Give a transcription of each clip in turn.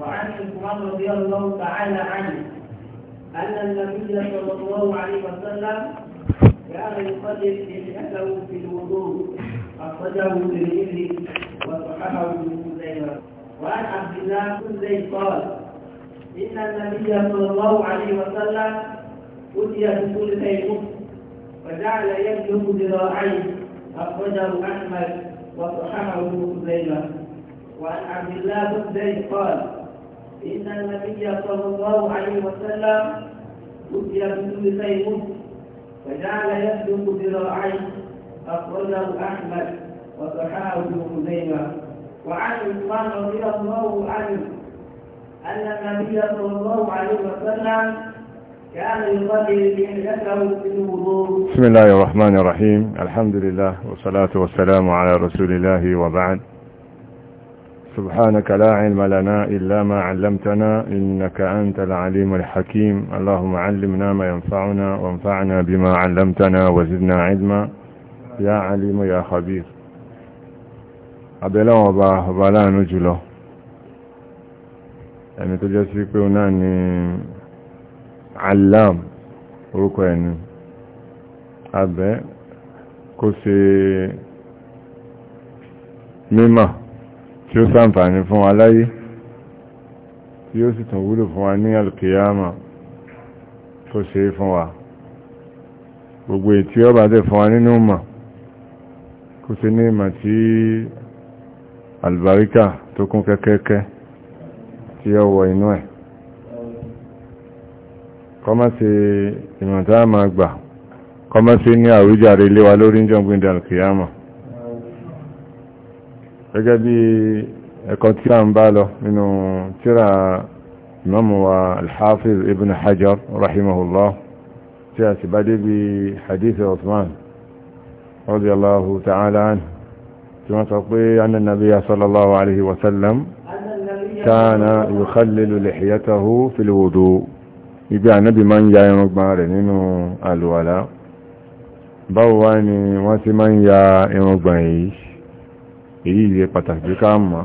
وعن عثمان رضي الله تعالى عنه أن النبي صلى الله عليه وسلم كان يقلد لحيته في الوضوء أخرجه الترمذي وصححه ابن خزيمة وعن عبد الله بن زيد قال إن النبي صلى الله عليه وسلم أتي بكل شيء فجعل يكتب ذراعيه أخرجه أحمد وصححه ابن خزيمة وعن عبد الله بن زيد قال إن النبي صلى الله عليه وسلم أتي بدون سيمون فجعل يسلك ذراعين أخرجه أحمد وصححه ابن خزيمة وعن عثمان رضي الله عنه أن النبي صلى الله عليه وسلم كان في الوضوء بسم الله الرحمن الرحيم الحمد لله والصلاة والسلام على رسول الله وبعد سبحانك لا علم لنا إلا ما علمتنا إنك أنت العليم الحكيم اللهم علمنا ما ينفعنا وانفعنا بما علمتنا وزدنا علما يا عليم يا خبير abẹ́láwọn ọba ọba láàánú jùlọ ẹni tó jẹ́ sí pé ó tí ó ṣàǹfààní fún wa láyé tí ó sì tún wúlò fún wa ní alkiyama tó ṣe fún wa gbogbo ètí ọba dẹ̀ fún wa nínú mọ̀ kó sí ní ìmọ̀ tí albarika tó kún kẹ́kẹ́kẹ́ tí ó wọ inú ẹ̀ kọ́mọ́ sí ìmọ̀ tá gbà kọ́mọ́ sí ní àwíjàre léwa lórí jọ́gbìn dàlkìyàmọ̀ gẹ́gẹ́ bí ẹ̀kọ́ tí a ń bá lọ nínú tíra imamu wa alhafiz ibn hajar rahimahullah tí a sì bá dé bí hadith osman radiyallahu ta'ala anhu tí wọ́n sọ pé anna nabiyya sallallahu alaihi wasallam kana yukhallilu lihiyatahu fil wudu ibi ànábì máa ń ya irùngbọ̀n rẹ̀ nínú àlùwàlá báwo ni wọ́n ti máa ń ya irùngbọ̀n yìí èyí ilẹ̀ pàtàkì ká mọ̀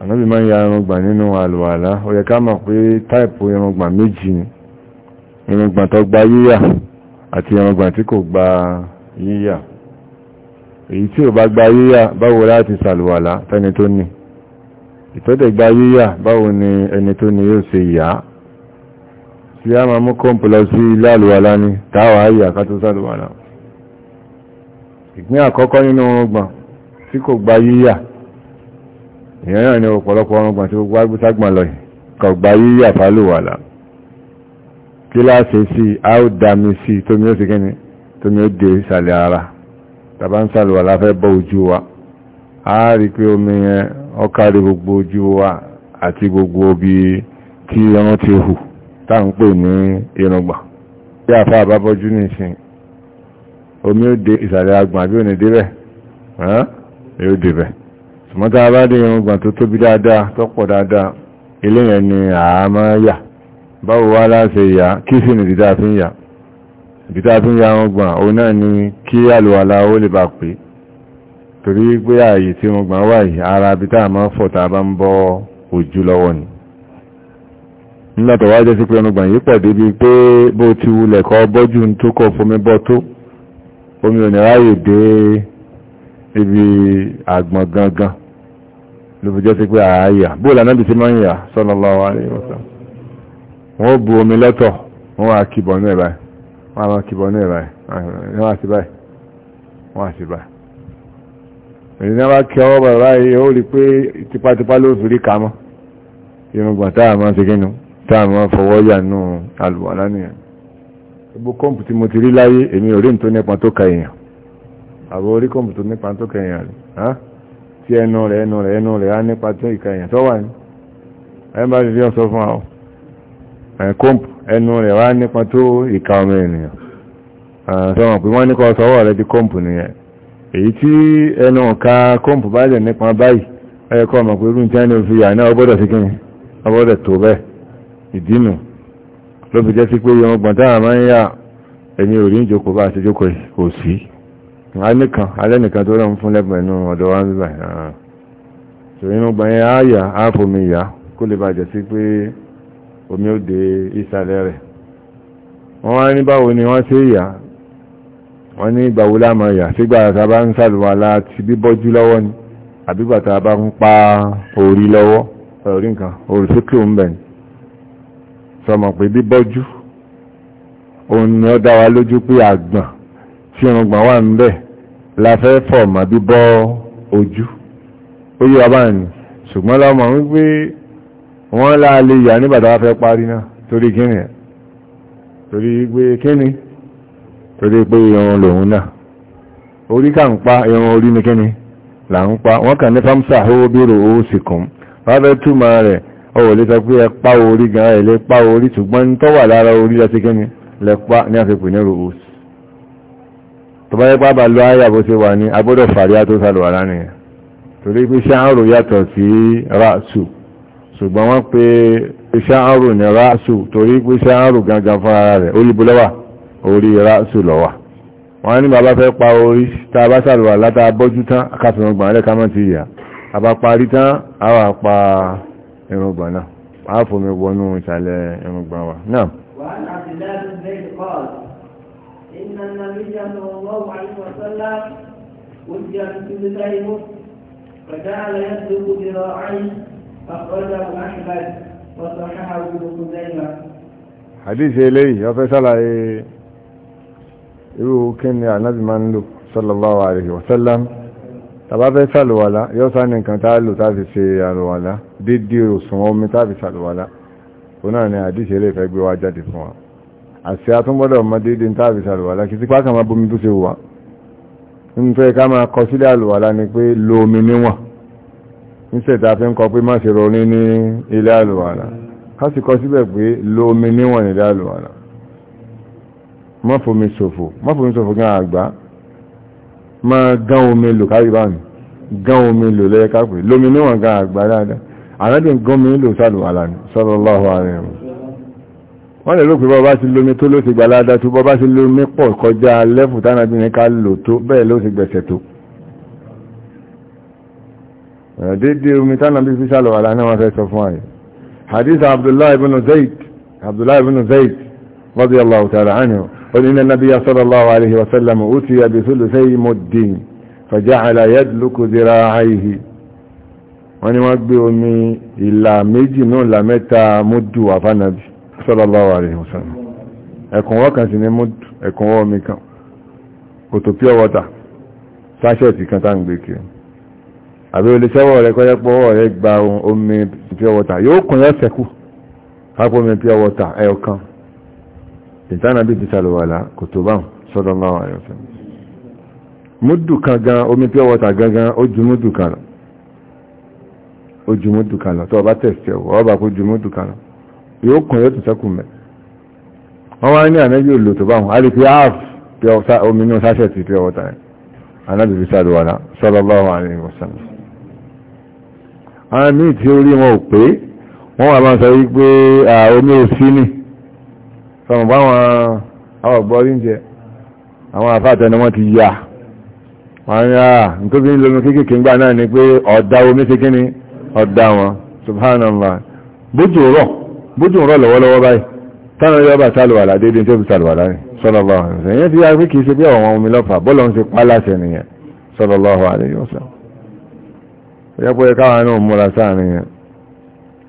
ànábì máa ń ya irungbà nínú àlùwàlá ó yẹ ká mọ̀ pé táìpù irungbà méjì ni irungbà tó gba yíyà àti irungbà tí kò gba yíyà èyí tí ò bá gba yíyà báwo láti sàlùwàlá tẹ́ni tó ní ìtọ́dẹ̀ gba yíyà báwo ni ẹni tó ní yóò ṣe yà á tí a máa mú kọ́mpù lọ sí ilé àlùwàlá ni táwà ayé àkátó sàlùwàlá ìpín àkọ́kọ́ nínú ọgbọ̀n tí kò gba yíyà ìyẹn náà ni ọ̀pọ̀lọpọ̀ ọrùngbọ̀n tí gbogbo agbútágbọ̀n lọ kò gba yíyà fálùwàlà kí láṣe sí a ó dámi sí tómi ó sì kíni tómi ó dé ìsàlẹ̀ ara tàbá ń sàlùwàlà fẹ́ bọ́ ojú wa a rí pé omi yẹn ó kárí gbogbo ojú wa àti gbogbo bí tí ọrún ti hù tá ń pè ní irùngbọ̀n bí àfá àbábọ́jú nìsín omi ó dé ìsàlẹ̀ agbọ̀n àbí òní débẹ̀ yóò débẹ̀ ṣùgbọ́ta bá dé irungbọ̀n tó tóbi dáadáa tó pọ̀ dáadáa ilé yẹn ni àmọ́ yà báwo wá láṣẹ yà kí sì ní dídá fi ń yà dídá fi ń yà irungbọ̀n òun náà ni kí àlùwàlá ó lè bá pé torí pé ààyè tí irungbọ̀n wà yìí ara bí tá a máa fọ̀ tá a bá ń bọ́ ojú lọ́wọ́ ni nígbàtọ̀ wá jẹ́ sí pé irungbọ̀n yìí pẹ̀ débi pé bó ti wulẹ̀ kọ́ bọ́jú tó kọ̀ fomi bọ́ tó omi ò ní ráyè dé ibi àgbọ̀n gangan ló fi jẹ́ sí pé àáyà bó lànàbì sí máa ń yà sallallahu alaihi wasallam wọ́n bu omi lọ́tọ̀ wọ́n wá kìbọ̀ ní ẹ̀báyìí wọ́n wá kìbọ̀ ní ẹ̀báyìí wọ́n wá sí báyìí wọ́n wá sí báyìí èyí náà wá kí ọwọ́ bàbá yìí ó rí pé tipátipá ló fi rí kàmọ́ irungbọ̀n táà máa ti kínú táà máa fọwọ́ yà nù àlùwàlá nìyẹn gbogbo kọ́ǹpù tí mo ti rí láyé èmi ò rí nítorí nípa tó ka èèyàn àbò orí kòmù tó nípa tó kẹyìn rẹ̀ tí ẹnu rẹ̀ ẹnu rẹ̀ ẹnu rẹ̀ á nípa tó ìkẹyìn tó wà ní ẹ̀mbà fífi ọ̀sọ́ fún àwọn kòmù ẹnu rẹ̀ wá nípa tó ìka ọmọ ènìyàn sọ́wọ́n pé wọ́n ní kọ́ sọ́wọ́ rẹ̀ di kòmù nìyẹn èyí tí ẹnu ọ̀ka kòmù bá jẹ̀ nípa báyìí ẹ̀kọ́ ọmọ pé rúntí ẹni òfin yà náà ọgbọ́dọ̀ sí kíni ọgbọ́dọ̀ tó bẹ́ẹ̀ ìdínú ló fi jẹ́ sí pé ọgbọ̀n táwọn máa ń yà ẹni òrí ń jókòó bá àti jókòó kò alẹ́nìkan alẹ́nìkan tó lọ́n fún lẹ́bùn ẹ̀nù ọ̀dọ̀ wa ń bíbà ṣò ah. inú gbọ́nyẹ ààyà ààfòmì ìyá kó lè bàjẹ́ sí pé omi ó dé ìsàlẹ̀ rẹ̀ wọ́n wá ní báwo ni wọ́n ṣe ìyá wọ́n ní ìgbàwó lámọ̀ ìyá sígbà tá a bá ń sàlùwà láti bíbọ́jú lọ́wọ́ ni àbígbà tá a bá ń pa orí lọ́wọ́ orí nǹkan orí sókè ń bẹ̀ sọmọ pé bíbọ́jú òun ni ó dá wa lójú pé àgbọ̀n tí irùngbọ̀n wà ń bẹ́ẹ̀ la fẹ́ fọ̀ mà bíbọ́ ojú ó yí wa báyìí ṣùgbọ́n lọ́mọ wípé wọ́n láà lè yà ní bàtà fẹ́ parí náà torí kíni ẹ̀ torí pé kíni torí pé irun lòun náà orí ká ń pa irun orí ni kíni là ń pa wọ́n kà ní fámsà owó bírò owó sì kùn wọ́n fẹ́ túmọ̀ rẹ̀ ọwọ́ lè sọ pé ẹ pa orí gan ẹ̀ lè pa orí ṣùgbọ́n tó lára orí lọ sí kíni lẹ pa ní àfikún ní ròhùs tó bá yẹ pápá lọ ayà bó ṣe wà ní agbọ́dọ̀ fàríà tó sàlùwàlá ni torí pé ṣáàrù yàtọ̀ sí ráṣù ṣùgbọ́n wọ́n pè ṣáàrù ní ráṣù torí pé ṣáàrù gangan fún ara rẹ̀ olúbulọ́wà orí ráṣù lọ́wà wọ́n ní bàbá fẹ́ pa orí tá a bá sàlùwàlá tá a bọ́jú tán akásùn ọgbà rẹ̀ kámọ́ ti yà a bá parí tán a wà pa irùngbọ̀n náà a fòmí wọnú ìsàlẹ̀ irùngbọ̀n wa náà إن النبي صلى الله عليه وسلم وجه بسلسله فجعل يسلك ذراعيه أخرجه أحمد وصححه ابن خزيمة حديث إليه يا فيصل irú kí ni ànábì máa ń lò sallallahu alaihi wasallam tàbá fẹ́ sàlùwàlá yóò sá ní nǹkan táà lò tàbí ṣe àlùwàlá dídí òsùn omi tàbí sàlùwàlá ó náà ni àdíṣẹ́ lè fẹ́ gbé wá jáde fún wa àti àtúngbọ́dọ̀ mọ́dédé tàbí sàlùwàlá kì sí pàkàmà bómi tó ṣe wà ń fẹ́ ká máa kọ sílẹ̀ àlùwàlá ni pé lómi níwọ̀n ń sẹ̀ta fi ń kọ pé má ṣe ronú ní ilé àlùwàlá ká sì kọ síbẹ̀ pé lómi níwọ̀n ilé àlùwàlá mọ́fomi ṣòfò mọ́fomi ṣòfò gan àgbá máa gán omi lò kárí bá mi gán wọ́n lè rò pé bọ́bá sí lómi tó ló ti gbà ládá tó bọ́bá sí lómi pọ̀ kọjá lẹ́fù tánàbí ní ká lò tó bẹ́ẹ̀ ló ti gbẹ̀sẹ̀ tó dédé omi tánàbí fi sálọ̀ wà láná wọn fẹ́ sọ fún ààyè hadith abdullahi ibn zayd abdullahi ibn zayd radiyallahu ta'ala anhu ó ní nabiyya sallallahu alayhi wa sallam utiya bi thuluthay muddin faja'ala yadluku dhira'ayhi wọ́n ní wọ́n gbé omi ìlà méjì náà ìlà muddu wà fánàbí sallallahu alaihi wasallam ẹ̀kùnwọ́ kan sí ní múdù ẹ̀kùnwọ́ omi kan kòtò pure water sáṣẹ̀tì kan tá ń gbé kiri àbí olùsẹ́wọ̀ rẹ̀ kọ́yẹ́ pọ̀ ọwọ́ rẹ̀ gba omi pure water yóò kùn yẹ́ sẹ́kù hápọ̀ omi pure water ẹ̀yọ kan ìtànà bí ti sàlùwàlá kòtò báhùn sallallahu alaihi wasallam múdù kan gan omi pure water gan gan ó ju múdù kan lọ ó ju múdù kan lọ tó o bá tẹ̀sí ọ̀ ọ́ bá kó ju múdù kan lọ yóò kùn yóò tún sẹ́kù mẹ́ wọ́n wá ní tó a lè fi half omi inú sáṣẹ̀ ti pure water ànábì fi sàdùwàlá sallallahu alaihi wasallam àwọn míì tí ó rí wọn ò pé wọ́n wà máa sọ wípé omi ò sí ní sọmọ báwọn àwọn ọ̀gbọ́rí ń jẹ àwọn àfáàtẹnu wọn ti yà wọ́n ní àà nítorí bí ń lomi kéékèèké ń gbà náà ni pé ọ̀dà omi ṣe bójú ń rọ̀ lọ́wọ́lọ́wọ́ báyìí tánà yọ bá tàlùwà ládé dín tó fi tàlùwà láyìn sallallahu alaihi wasallam yẹn ti yá pé kìí ṣe bí àwọn omi lọ́fà bọ́lọ̀ ń ṣe pá láṣẹ nìyẹn sallallahu alaihi wasallam yẹ pé káwọn náà múra sáàrin yẹn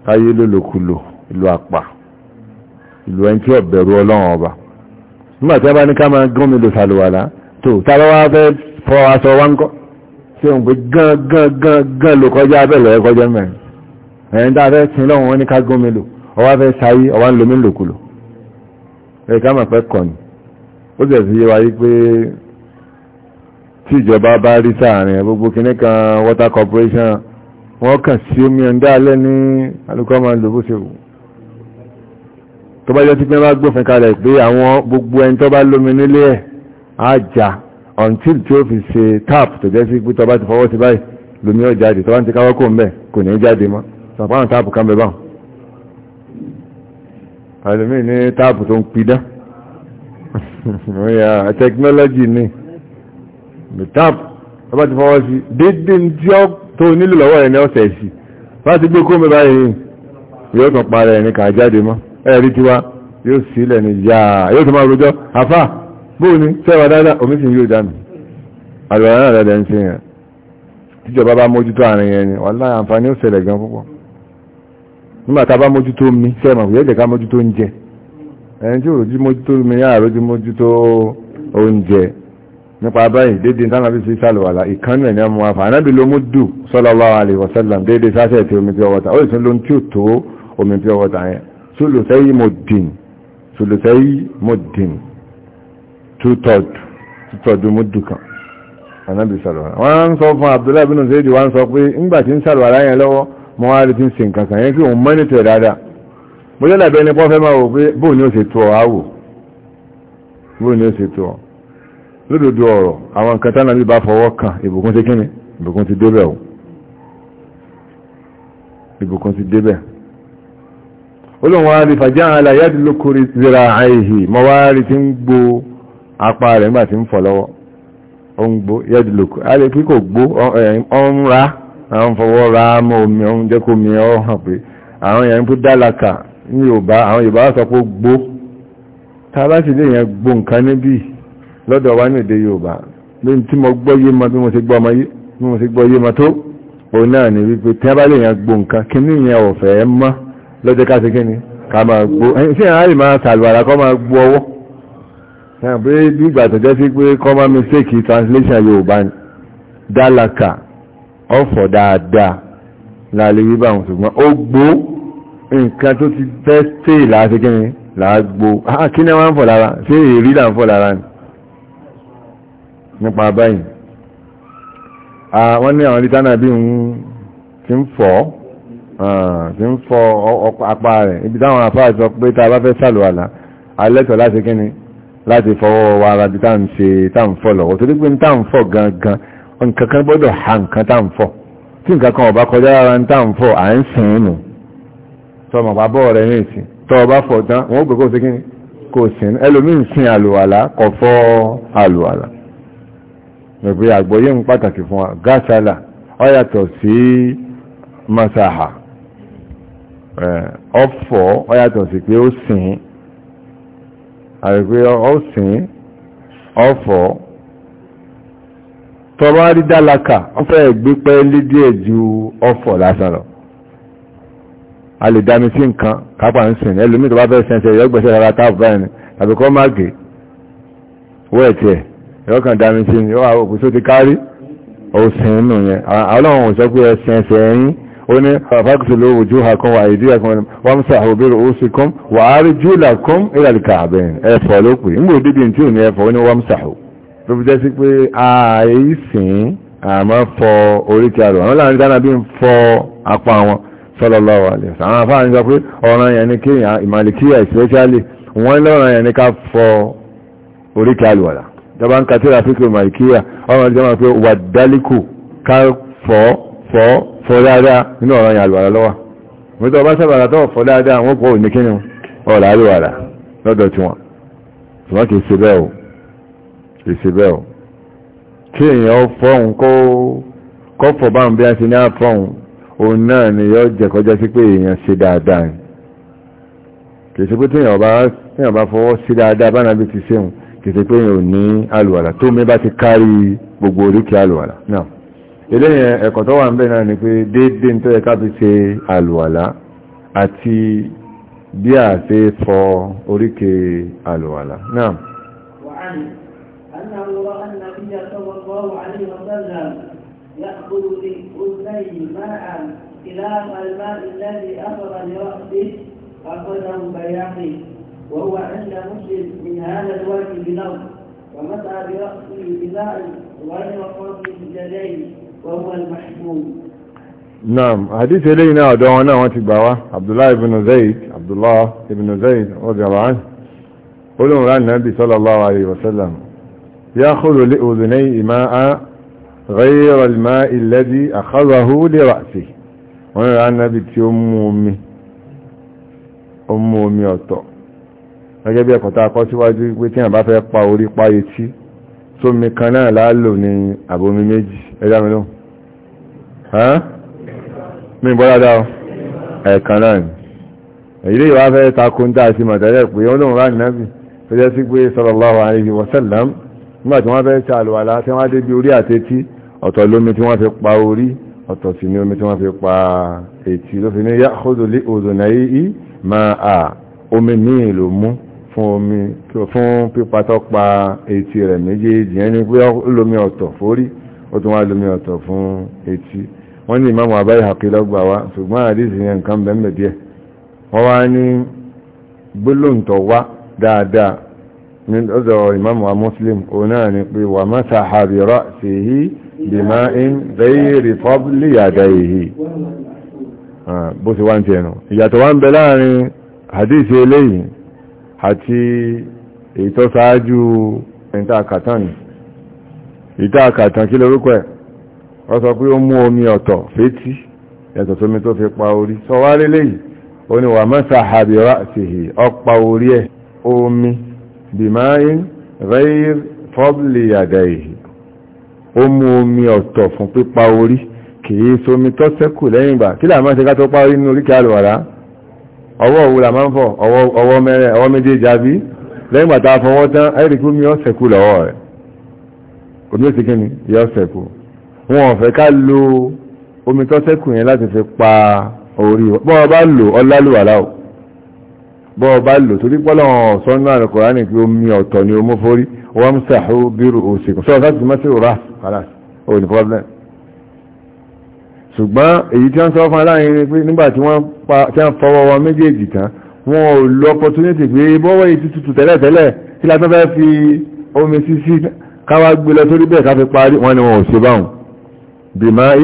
káyé lólòkulò ìlú àpà ìlú ẹni tí ọ̀bẹ̀rù ọlọ́run ọba nígbà tí a bá ní ká máa ọwá fẹ́ sáyé ọwá ń lomi lòkulò ẹ ká mà fẹ́ kọ̀ni ó sì ẹ̀sìn yé wa yí pé tí ìjọba bá rí sáàrin gbogbo kinní kan water corporation wọ́n kàn sí omi ọ̀ndá alẹ́ ní alùkọ́ máa ń lò bó ṣe wù tó bá jẹ́ tí pé bá gbófin kalẹ̀ pé àwọn gbogbo ẹni tó bá lómi nílé ẹ̀ á jà until tí ó fi ṣe tap tó jẹ́ sí pé tó bá ti fọwọ́ sí báyìí lómi ó jáde tó bá ti káwọ́ kò ń bẹ̀ kò ní jáde mọ́ sọ̀pá àwọn tap kan bẹ̀ báwọn ẹlòmíì ní táàpù tó ń pidán ọ̀yà tẹkinọ́lọ́jì ni táàpù ọba ti fọwọ́ sí dédé tí ó tó nílò lọ́wọ́ ẹni ọ̀sẹ̀ sí bá ti gbé kó mẹ́bá yìí yóò tàn parẹ́ ẹni kà jáde mọ́ ẹ̀rí tiwa yóò sílẹ̀ ní yáà yóò tó máa rojọ́ àfà bóò ni sẹ́wà dáadáa omi sì yóò dánù àlùwàlá náà dáadáa ń sẹ́yìn tíjọba bá mójútó àárín yẹn ni wàlá àǹfààní ó ṣẹlẹ̀ gan púpọ̀ nígbà tá a bá mójútó mi sẹ́mọ̀ kò yẹ jẹ́ ká mójútó oúnjẹ ẹni tí òròjú mójútó mi ààrẹ ti mójútó oúnjẹ nípa báyìí dédé tánàbí sí sàlùwàlà ìkánú ẹ̀ ní ọmọ wa fàánàbí ló mú dù sallallahu alaihi wasallam dédé sáṣẹ̀ tí omi pure water ó sì tún ló ń tí ò tó omi pure water yẹn sólùsẹ́yì mo dìn sólùsẹ́yì mo dìn tútọ̀dù mú dù kan fàánàbí sàlùwàlà wọ́n sọ fún Abdullahi bin Zayd wọ́n sọ pé ńgbà tí ń sàlùwàlà yẹn lọ́wọ́ mọ́ wá rí tí ń ṣe nǹkan kan yẹn kí òun mọ́nítọ̀ dáadáa mo jẹ́ làbẹ́ ní pọ́fẹ́ máa wò pé bóò ní ó ṣe tó ọ áwò bóò ní ó ṣe tó ọ lódòdó ọ̀rọ̀ àwọn nǹkan tánà bí bá fọwọ́ kan ìbùkún ti kíni ìbùkún ti débẹ̀ o ìbùkún ti débẹ̀ olóhùn wa rí fàjá àlà yáàdì lókòrí zira àìhì mọ́ wá rí tí ń gbó apá rẹ̀ nígbà tí ń fọ̀ lọ́wọ́ ó ń gbó yáàdì lókòrí àwọn fọwọ́ ra mọ́ omi ọ̀hún jẹ́ kó mi ọ́ hàn pé àwọn èèyàn tó dálaka ní Yorùbá àwọn Yorùbá sọ pé gbó ta bá sì lè yẹn gbó nǹkan níbí lọ́dọ̀ wa ní èdè Yorùbá lóyún tí mo gbọ́ yé ma bí mo ti gbọ́ yé ma tó òun náà ni wípé tí a bá lè yẹn gbó nǹkan kí ní ìyẹn ọ̀fẹ́ mọ́ lọ́jọ́ ká sí kíni ká máa gbó ẹ̀yìn sí àwọn àìmọ̀ sàlùwàrà kọ́ common mistake translation Yorùbá ni dálaka ọ̀fọ̀ dáadáa láàlè wíbà wọn ṣùgbọ́n ó gbó nǹkan tó ti fẹ́ tè láti kí ni làágbó ah, kí ni wọ́n ń fọ̀ lára ṣé èrí là ń fọ̀ lára ni nípa báyìí ah, wọ́n ní àwọn lítánà bí ń ti ń fọ́ ah, ti ń fọ́ apá rẹ̀ ibi táwọn apá sọ pé ta bá fẹ́ sàlùwàlà alẹ́tọ̀ láti kíni láti fọwọ́ wa ara bí táà ń ṣe táà ń fọ́ lọ́wọ́ torí pé táà ń fọ́ gangan nkankan kan gbọ́dọ̀ ha nǹkan tá ń tí ọba kọjá ara ń tá ń fọ̀ à ń sìn nù tọ́ mọ̀ bàbọ́ rẹ̀ ní ìsìn tọ́ ọba fọ̀ tán wọ́n gbé kó sí kò sin àlùwàlá àlùwàlá ń pàtàkì fún wa ọ sí masaha ọ̀fọ̀ ọ sí pé ó sìn tọba rí dálaka wọ́n fẹ́ gbé pẹ́ẹ́lí díẹ̀ ju ọ̀fọ̀ lásán lọ a lè dami sí nǹkan kápá ń sìn ẹlòmíì tó bá fẹ́ sẹ́nsẹ̀ yọ gbẹ̀sẹ̀ rárá táàbù báyìí ni tàbí kọ́ má gé wọ́ẹ̀ tiẹ̀ yọ kàn dami sí ni yọ òkú só ti kárí òsìn nù yẹn ọlọ́run ò sọ pé ẹ sẹ́nsẹ̀ tó fi jẹ́ sí pé àìsìn àmọ́ fọ oríkì àrò àwọn láàrin dáná bí ń fọ apá wọn sallallahu alaihi àwọn afáàrin sọ pé ọ̀ràn yẹn ni kí ìmàlìkíyà especially wọ́n lọ́ràn yẹn ni ká fọ oríkì àlùwàlà jọba ń ka tíra fíkì ìmàlìkíyà ọ̀ràn jọba pé wà dálíkù ká fọ fọ fọ dáadáa nínú ọ̀ràn yẹn àlùwàlà lọ́wọ́ mo tọ́ bá sábàrà tó ìsìbẹ̀ ọ̀ kí èèyàn fọ́hun kó fọ̀ bá ń bí a ṣe ní àfọ́hun òun náà ni yóò jẹ́ kọjá sí pé èèyàn ṣe dáadáa ni kì í ṣe pé tíyàn bá fọwọ́ sí dáadáa bá nàbí ti ṣeun kì ṣe pé èèyàn ò ní àlùwàlà tó mi bá ti kárí gbogbo oríkì àlùwàlà náà eléyìn ẹ̀kọ́ tó wà ń bẹ̀ náà ni pé déédéé ń tọ́yẹ ká fi ṣe àlùwàlà àti bí a ṣe fọ oríkì àlùwàlà náà النبي صلى الله عليه وسلم يأخذ أذنيه ماء خلاف الماء الذي أخذ لرأسه أخذه بياقي وهو عند مسلم من هذا الوجه بلون ومسعى برأسه بماء غير قرب بجدين وهو المحموم نعم حديث إلينا نعم، ودعونا نعم، واتباوة عبد الله بن زيد عبد الله بن زيد رضي الله عنه قلوا عن النبي صلى الله عليه وسلم يأخذ لأذنيه ماء غير الماء الذي أخذه لرأسه wọ́n rà nábi tí ó mú omi ó mú omi ọ̀tọ̀ gẹ́gẹ́ bí ẹ̀kọ̀ta akọ́ síwájú pé tí àbá fẹ́ pa orí pa etí sómi kan náà láàlò ní àbomi méjì ẹjá mi náà mi gbọ́ dáadáa ẹ̀ẹ̀kan náà ni èyí lè wá fẹ́ takun dáa sí mọ̀tẹ́lẹ̀ pé ó lóun rà nábi tó jẹ́ sí pé sallallahu alaihi wasallam nígbà tí wọ́n fẹ́ ṣàlùwàlá tí wọ́n dé bí orí àtẹ́tí ọ̀tọ̀ lómi tí wọ́n fi pa orí ọ̀tọ̀ sí ní omi tí wọ́n fi pa ètí ló fi ní yá kódò lé òzònà yìí máa à omi míì ló mú fún pípa tó pa ètí rẹ̀ méjèèjì ẹni pé lómi ọ̀tọ̀ fórí ó tún wá lómi ọ̀tọ̀ fún ètí wọ́n ní ìmáàmù àbáyé àkílọ́gbà wa ṣùgbọ́n àdísì yẹn nǹkan bẹ̀m̀bẹ̀ díẹ̀ wọ́n wá ní gbólóǹtọ̀ wá dáadáa ní ọ̀dọ̀ ìmáàmù muslim òun náà ni pé wà masaha bi ra'sihi bima'in ma fadli yadayhi bó ti wá ń tẹnu ìyàtọ̀ wá ń bẹ láàrin hadith eléyìí pé ó mú omi ọ̀tọ̀ fétí ẹ̀tọ̀ tómi tó fi pa orí sọ wá lélẹ́yìí ó ní wà orí omi bìmáyín rẹ́yìr fọ́bìlì àdáyìí ó mú omi ọ̀tọ̀ fún pípa orí kìí sómi tó sẹ́kù lẹ́yìn ìgbà kí làmá ṣe ká tó pa orí nínú oríkì àlùwàrá ọwọ́ òwú làmá ń fọ̀ ọwọ́ mẹ́rẹ̀ ọwọ́ méjèèjì àbí lẹ́yìn ìgbà tá a fọwọ́ tán ẹ̀rí kí omi ọ̀sẹ̀kù lọ́wọ́ rẹ̀ omi ó ti kí ni yọ ọ̀sẹ̀kù wọn ò fẹ́ ká lo omi tó sẹ́kù yẹn láti fi pa orí bọ́ọ̀ bá lò ọlálùwàrá o bọ́ ọba lò torí pọ́lọ́wọ́n sọ́nà àrẹ̀kọ̀rání pé omi ọ̀tọ̀ ni omó forí wọ́n ń sàhó bírò òsìkò sọ́rọ̀ láti mọ́sí òrà kàlàsì ó ní problem ṣùgbọ́n èyí tí wọ́n sọ fún aláàrin ni pé nígbà tí wọ́n fọwọ́ wọn méjèèjì tán wọn ò lo opportunity pé bọ́wọ́ èyí ti tutù tẹ́lẹ̀ tẹ́lẹ̀ kí látọ́ fẹ́ fi omi sísí káwá gbé lọ sórí bẹ́ẹ̀ ká fi parí wọn ni wọn ò ṣe báwọn bìmáì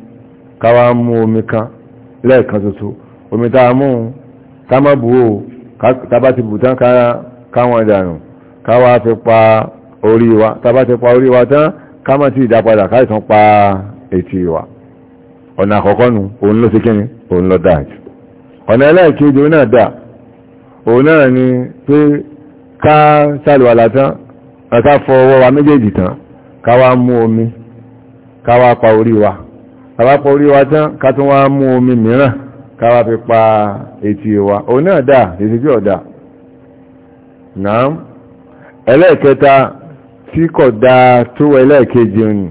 káwá mú omi kan lẹ́ẹ̀kan ṣoṣo omi tá mú ká má bù ó tàbá ti bù tán káwọn ìdànù káwá fi pa orí wa tàbá ti pa orí wa tán ká má ti ìdápadà káìsàn pa ètì wa ọ̀nà àkọ́kọ́ nu òun ló ṣe kíni òun lọ dáàjù ọ̀nà ẹlẹ́ẹ̀kejì òun náà dà òun náà ni pé ká sàlùwàlà tán ká fọ wa méjèèjì tán ká wá mú omi ká wá pa orí wa àbápọ̀ orí wa tán ká tún wá mú omi mìíràn káwà fi pa etí wa o náà dà èsì tí ọ̀dà náà ẹlẹ́ẹ̀kẹta tí kò dáa tó ẹlẹ́ẹ̀kejì ni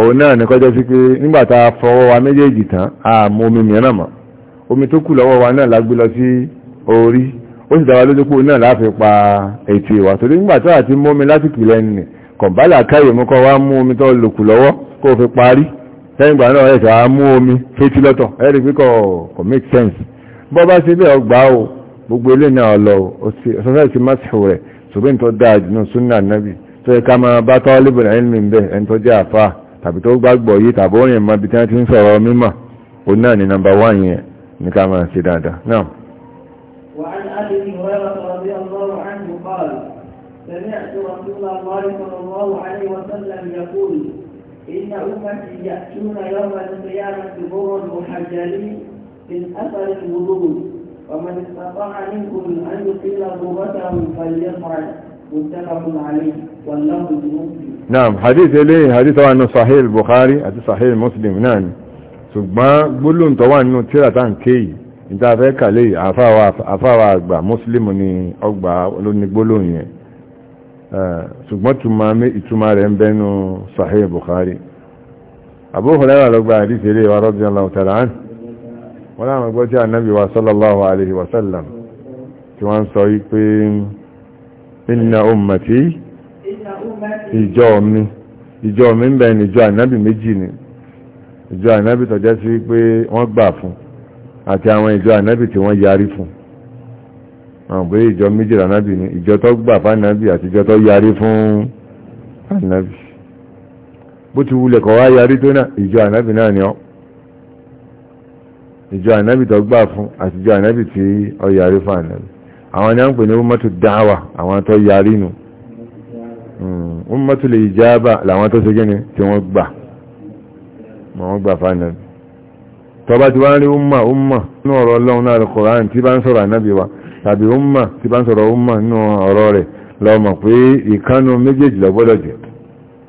o náà ní kọjọ́ sí pé nígbàtà fọwọ́ wa méjèèjì tán a mú omi mìíràn mọ́ omi tó kù lọ́wọ́ wa náà lágbé lọ sí orí ó sì dáwà lójú pé òun náà láfi pa etí wa torí nígbàtà àti mú omi lásìkò lẹ́nu kọ̀bálà káyè mú kọ́ wá mú omi tó lòkù lọ́wọ́ kó fi parí lẹ́yìn ìgbà náà ẹ̀ṣẹ̀ àmú omi fetí lọ́tọ̀ ẹ̀rí píkọ̀ kò make sense bọ́ bá sí ilé ọgbà o gbogbo ilé náà lọ ọ̀sọ̀fẹ́ sí masihu rẹ̀ ṣùgbọ́n tó dáa jù náà súnà nábì tó yẹ ká máa bá tọ́ lébùn ẹ̀lmì ń bẹ̀ ẹni tó jẹ́ àfà tàbí tó gbàgbọ́ yìí tàbí orin mọ́ bí tí wọ́n ti ń sọ̀rọ̀ mímọ̀ òun náà ni nọ́mbà wán yẹn ní ká máa ṣe dáadáa náà. يأتون يوم القيامة ظهر محجلين من أثر الوضوء ومن استطاع منكم أن يطيل ظهرته فليفعل متفق عليه والله نعم حديث إليه حديث عن صحيح البخاري حديث صحيح مسلم نعم ṣùgbọ́n gbólóhùn tó wà nínú tíràtà ń kéyì ìtafẹ́ kàlẹ̀ àfáwà àgbà mùsùlùmù ni ọgbà olóní gbólóhùn yẹn ṣùgbọ́n ìtumọ̀ rẹ̀ ń bẹ́nu Sahih Bukhari Abu Hurairah ló gba àdíṣe ilé wa radiyallahu ta'ala anhu wọ́n láwọn gbọ́ tí ànábì wa sallallahu alaihi wasallam tí wọ́n sọ wípé inna ummati ìjọ mi ìjọ mi ń bẹ ní ìjọ ànábì méjì ni ìjọ ànábì tó jẹ́ sí wípé wọ́n gbà fún àti àwọn ìjọ ànábì tí wọ́n yarí fún àwọn bóyá ìjọ méjì ànábì ni ìjọ tó gbà fún ànábì àti ìjọ tó yarí fún ànábì bó ti wulẹ̀ kọ̀ wá yarí tó náà ìjọ ànábì náà ni ọ́ ìjọ ànábì tó gbà fún àti ìjọ ànábì tí ọ yarí fún ànábì àwọn ni a ń pè ní ummatu dáwà àwọn tó yarí nù hmm, ummatu lè ìjábà làwọn tó ṣe gíní tí wọ́n gbà wọ́n gbà fún ànábì tọba ti wá rí umma umma nínú ọ̀rọ̀ ọlọ́run náà al-Qur'an tí bá ń sọ̀rọ̀ ànábì wa tàbí umma tí bá ń sọ̀rọ̀ umma nínú ọ̀rọ̀ rẹ̀ lọ́mọ̀ pé ìkánu méjèèjì lọ́gbọ́dọ̀ jẹ́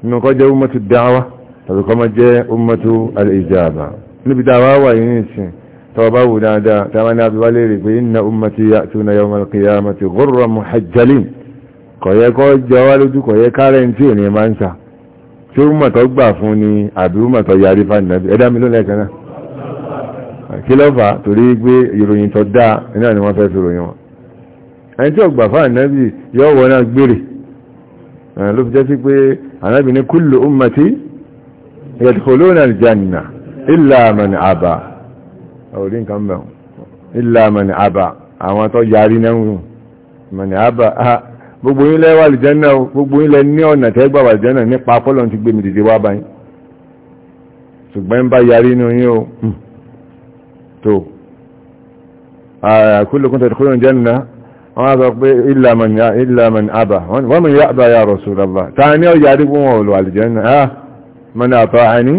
nínú kọ́ jẹ́ umatu dáwà tàbí kọ́ ma jẹ́ umatu al'ijaba níbi dáwà wà yìí ní ìsìn tọba bá wù dáadáa tàbí ní abu wálé rí pé inna umati ya tuna yau malkiya mati gurra muhajjalin kọ̀ yẹ kọ́ jẹ́ wá lójú kọ̀ yẹ kárẹ̀ tí ò ní máa ń sa tí umatọ̀ gbà fún ni àbí umatọ̀ yarí fàdínàbí ẹ̀dá mi ló lẹ́ẹ̀kan náà kí ló fà torí gbé ìròyìn tó dáa iná ni wọ́n fẹ́ fi ròyìn wọn ẹni tí ọgbà fàdínàbí yọ wọ náà gbére ló jẹ́ sí pé anábì ní kullu ummati yadkhuluna aljanna illa man aba orí nǹkan mẹ́wọ̀n illa man aba àwọn tó yarí náà man aba ah, gbogbo yín lẹ wà aljanna o gbogbo yín lẹ ní ọ̀nà tẹ́gbà wà aljanna nípa pọ́lọ̀ ti wọ́n á sọ pé ìlàmàn àbà wọ́n mú yá àbá ya Rasulullah ta ní ọjà rí fún wọn olùwà aljanna ah mọ́nà àtọ́ àní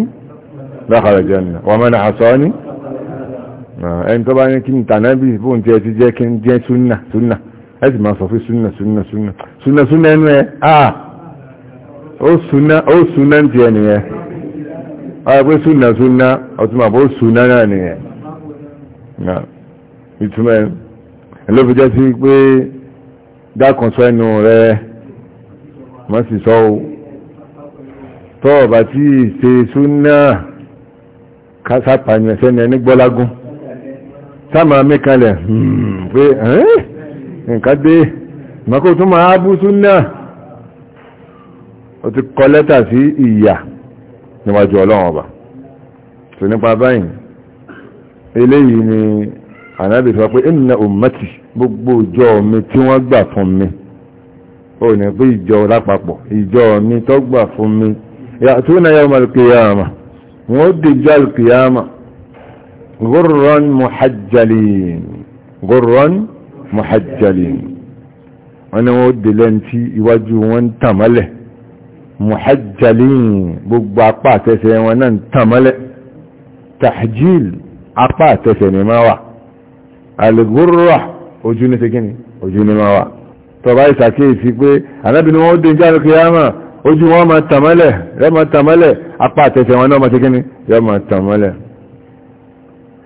dakhala aljanna wọ́n mọ́nà àṣọ́ ní ẹni tó bá ní kí n tànábì fún tí ẹ ti jẹ́ kí n jẹ́ súnnà súnnà ẹ sì máa sọ fún súnnà súnnà súnnà súnnà súnnà ẹnu ẹ ló fi jẹ́ sí pé dákan sọ ẹnu rẹ mọ́ sì sọ o tọ́ ọ̀bà tí ṣe súnà kásápàáyàn ẹ̀sẹ́ni ẹni gbọ́lágún sáàmà mẹ́kànlẹ̀ hmm, pé nǹkan dé mọ́kó tún máa bú súnà ó ti kọ lẹ́tà sí ìyà níwájú ọlọ́run ọba tó nípa báyìí eléyìí ni ànábì sọ pé inna ummati gbogbo ìjọ mi tí wọ́n gbà fún mi ó ní pé ìjọ lápapọ̀ ìjọ mi tó gbà fún mi ya'tuna yawmal qiyamah wọ́n dìjọ́ alkiyama gurran muhajjalin gurran muhajjalin wọ́n ni wọ́n dì lẹ́n tí iwájú wọn ń tàmálẹ̀ muhajjalin gbogbo apá àtẹsẹ̀ wọn náà ń tàmálẹ̀ tahjil apá àtẹsẹ̀ ni máa wà àlègbòrò ojú ní ṣe kíni ojú ní máa wà tọba ìsàkíyèsí pé anábìnrin wọn ó dé jáde kí á mọ̀ ojú wọn máa tàmọ́lẹ̀ rẹ máa tàmọ́lẹ̀ apá àtẹsẹ̀ wọn náà máa ṣe kíni yọ máa tàmọ́lẹ̀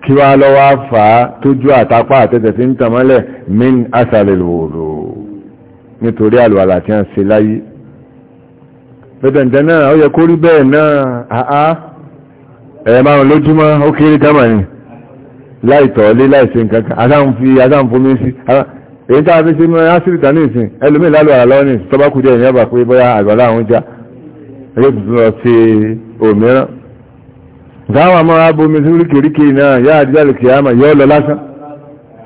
kí wá lọ́wọ́ fà á tójú àtàpá àtẹsẹ̀ sí ń tàmọ́lẹ̀ min asàlẹ̀ lòrò nítorí àlùwàlà tí wọ́n ṣe láyé bẹ́tẹ̀ǹtẹ̀ náà ó yẹ kó bẹ́ẹ̀ náà àá ẹ̀ẹ̀ lójúmọ́ ó kéré gámà ni láìtọ̀ọ́lé láìsí nǹkankan adáǹfomi sí èyí tàà fi sí mọ́ áṣírìtà ní ìsìn ẹlòmí lálọ́ àlọ́ ní tọ́bákùdé ẹ̀yìn ọba pé bóyá àgbàlá àwọn já ẹgbẹ́ tuntun lọ sí òmíràn dáwọn àmọ́ abomi sí oríkèríkè náà yá àdíjálù kìí àmà yọ́ lọ lásán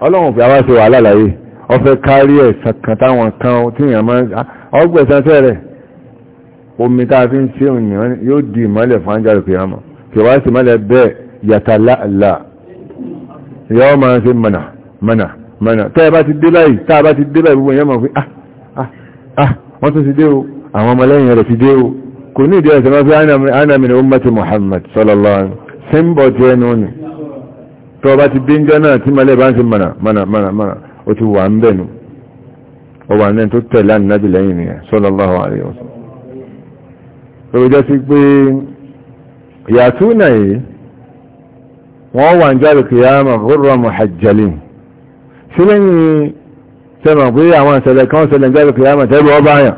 ọlọ́run fi àwá ṣe wà lálàyé ọfẹ́ kárí ẹ̀sàn kan táwọn kan tí èèyàn máa ń ọgbẹ̀sán tẹ́rẹ̀ omi tá a fi ń ṣe òyìnbó yóò di ìmọ́lẹ̀ fún àjálù kìí àmà wá sí ìmọ́lẹ̀ bẹ́ẹ̀ yàtàláàlà yọ́ máa ṣe mọ̀nà mọ̀nà mọ̀nà tẹ́ bá ti dé báyìí tá bá ti dé báyìí gbogbo yẹn mọ̀ pé ah ah ah wọ́n tún ti dé o àwọn ọmọlẹ́yìn rẹ̀ ti dé o kò ní ìdí ẹ̀sẹ̀ máa fi ánàmì ní ummati Muhammad sallallahu alaihi wasallam símbọ̀ tí ẹnu ni tọ́ bá wọ́n wà ń jáde kìyàmà gúrùrọ̀ mọ̀hajjalin sí lẹ́yìn tẹ́mọ̀ pé àwọn ìṣẹ̀lẹ̀ kan ṣẹlẹ̀ jáde kìyàmà tẹ́rù ọba àyàn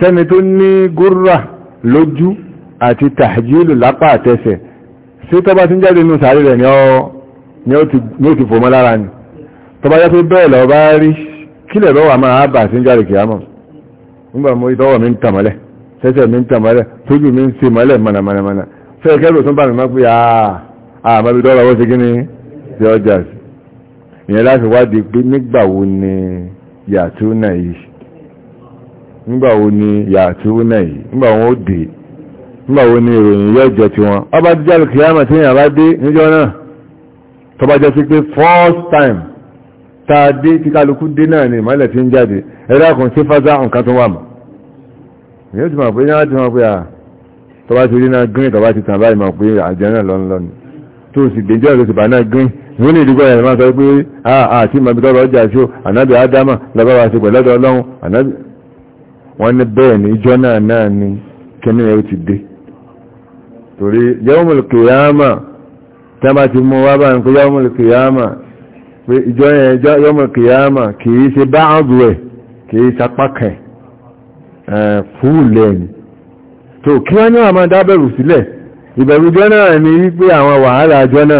sẹ́ni tó ní gúrùrà lójú àti tàjílù lápá àtẹ́sẹ̀ sí tọ́ba tí ń jáde inú sàárì rẹ̀ ni ó ti fòmọ́ lára ni tọ́ba yá pé bẹ́ẹ̀ lọ bá rí kílẹ̀ lọ́wọ́ máa bà sí jáde kìyàmà nígbà mo ìtọ́wọ̀ mi ń tàmọ́lẹ̀ sẹ́sẹ̀ mi ń tàmọ́lẹ̀ tójú mi ń se mọ́lẹ̀ mọ̀nàmọ́nàmọ́nà fẹ́ẹ̀kẹ́ lò tún bá mi mọ́ pé àà Ah, àmàbí dọ́là ó ṣe kí ni tí ọjà sí ìyẹn láti wádìí pé nígbàwo ni yàtúnà yìí nígbàwo ni yàtúnà yìí nígbàwo ó dé nígbàwo ni ìròyìn yóò jẹ ti wọn ọba jíjá kìyàmà tí yàrá dé níjọ́ náà tó bá jẹ́ sí pé first time tá a dé tí kálukú dé náà ni ìmọ́lẹ̀ tí ń jáde ẹ̀rọ kan sí fásá nǹkan tó wà mọ́ ìyẹn ti mọ̀ pé yàrá ti mọ̀ pé à tó ti rí náà green tó ti tàn báyìí mọ̀ pé àjẹ́ náà lọ́nlọ́ni tó sì dèjọ́ ìrẹsì bà náà gín wọ́n ní ìdígbà ẹ̀rọ máa sọ pé àti mọ̀bí tọ́rọ ọjà sí ànábì ádámà lọ́bàwà sí pẹ̀lọ́dọ̀ ọlọ́run ànábì wọ́n ní bẹ́ẹ̀ ní ìjọ náà náà ni kẹ́mí ẹ̀ ti dé torí yawmul qiyama tí a bá ti mú wá bá ń pé yawmul qiyama pé ìjọ yẹn yawmul qiyama kìí ṣe bá ààbò ẹ̀ kìí sapákẹ̀ fúlẹ̀ ni tó kí wọ́n ní àmà dábẹ̀rù sílẹ̀ ìbẹ̀rù jọ́nà ni wípé àwọn wàhálà jọ́nà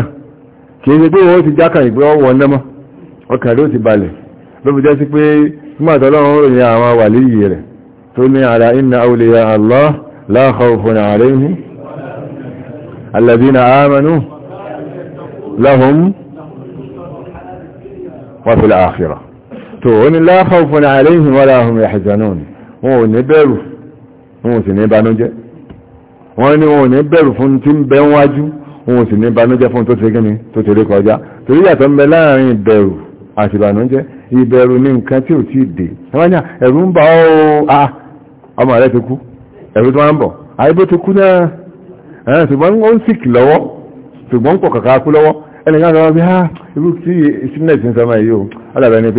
kì í ṣe pé wọ́n ti jákàn ìgbé ọwọ́ náà ọkàn ló ti balẹ̀ ló fi jẹ́ sí pé mọ́tọ́lọ́run ròyìn àwọn wàlíyì rẹ̀ tó ní ala inna awliya Allah la khawfun alayhim alladhina amanu lahum wa fil wọ́n ní wọn ò ní bẹ̀rù fún tí ń bẹ wájú wọn ò sì ní banújẹ́ fún tó ti gíní tó ti rí kọjá torí yàtọ̀ ń bẹ láàrin ìbẹ̀rù àti ìbànújẹ́ ìbẹ̀rù ní nǹkan tí ò tí dé ẹwọ́nyà ẹ̀rù ó a ah, ọmọ rẹ̀ ti kú ẹ̀rù tó wá ń bọ̀ àìbó ti kú náà ṣùgbọ́n ó ń sìk lọ́wọ́ ṣùgbọ́n ń pọ̀ kàkà kú lọ́wọ́ ẹnìkan sọ bí ah, irú tí ìsinlẹ̀ ti ń sọmọ yìí o ọ̀dàbẹ̀ ni ni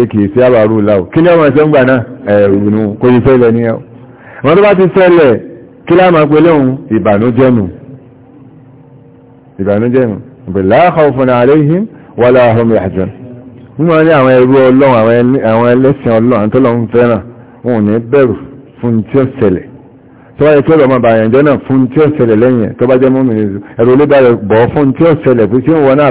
ọmọ ẹ̀sẹ̀ ń gbà náà kí láàmà pẹ̀lẹ̀ òun ìbànújẹ́nu ìbànújẹ́nu la khawfun alayhim wala hum yahzanun wọ́n máa ní àwọn ẹrú ọlọ́run àwọn ẹlẹ́sìn ọlọ́run tó lọ́run fẹ́ràn wọn ò ní bẹ̀rù fún tí ó ṣẹlẹ̀ tó bá yẹ kí ọlọ́mọ bàyàn jẹ́ náà fún tí ó ṣẹlẹ̀ lẹ́yìn tó bá jẹ́ mọ́mí ẹ̀rọ olóbàrẹ̀ bọ̀ fún tí ó ṣẹlẹ̀ pé tí ó wọ náà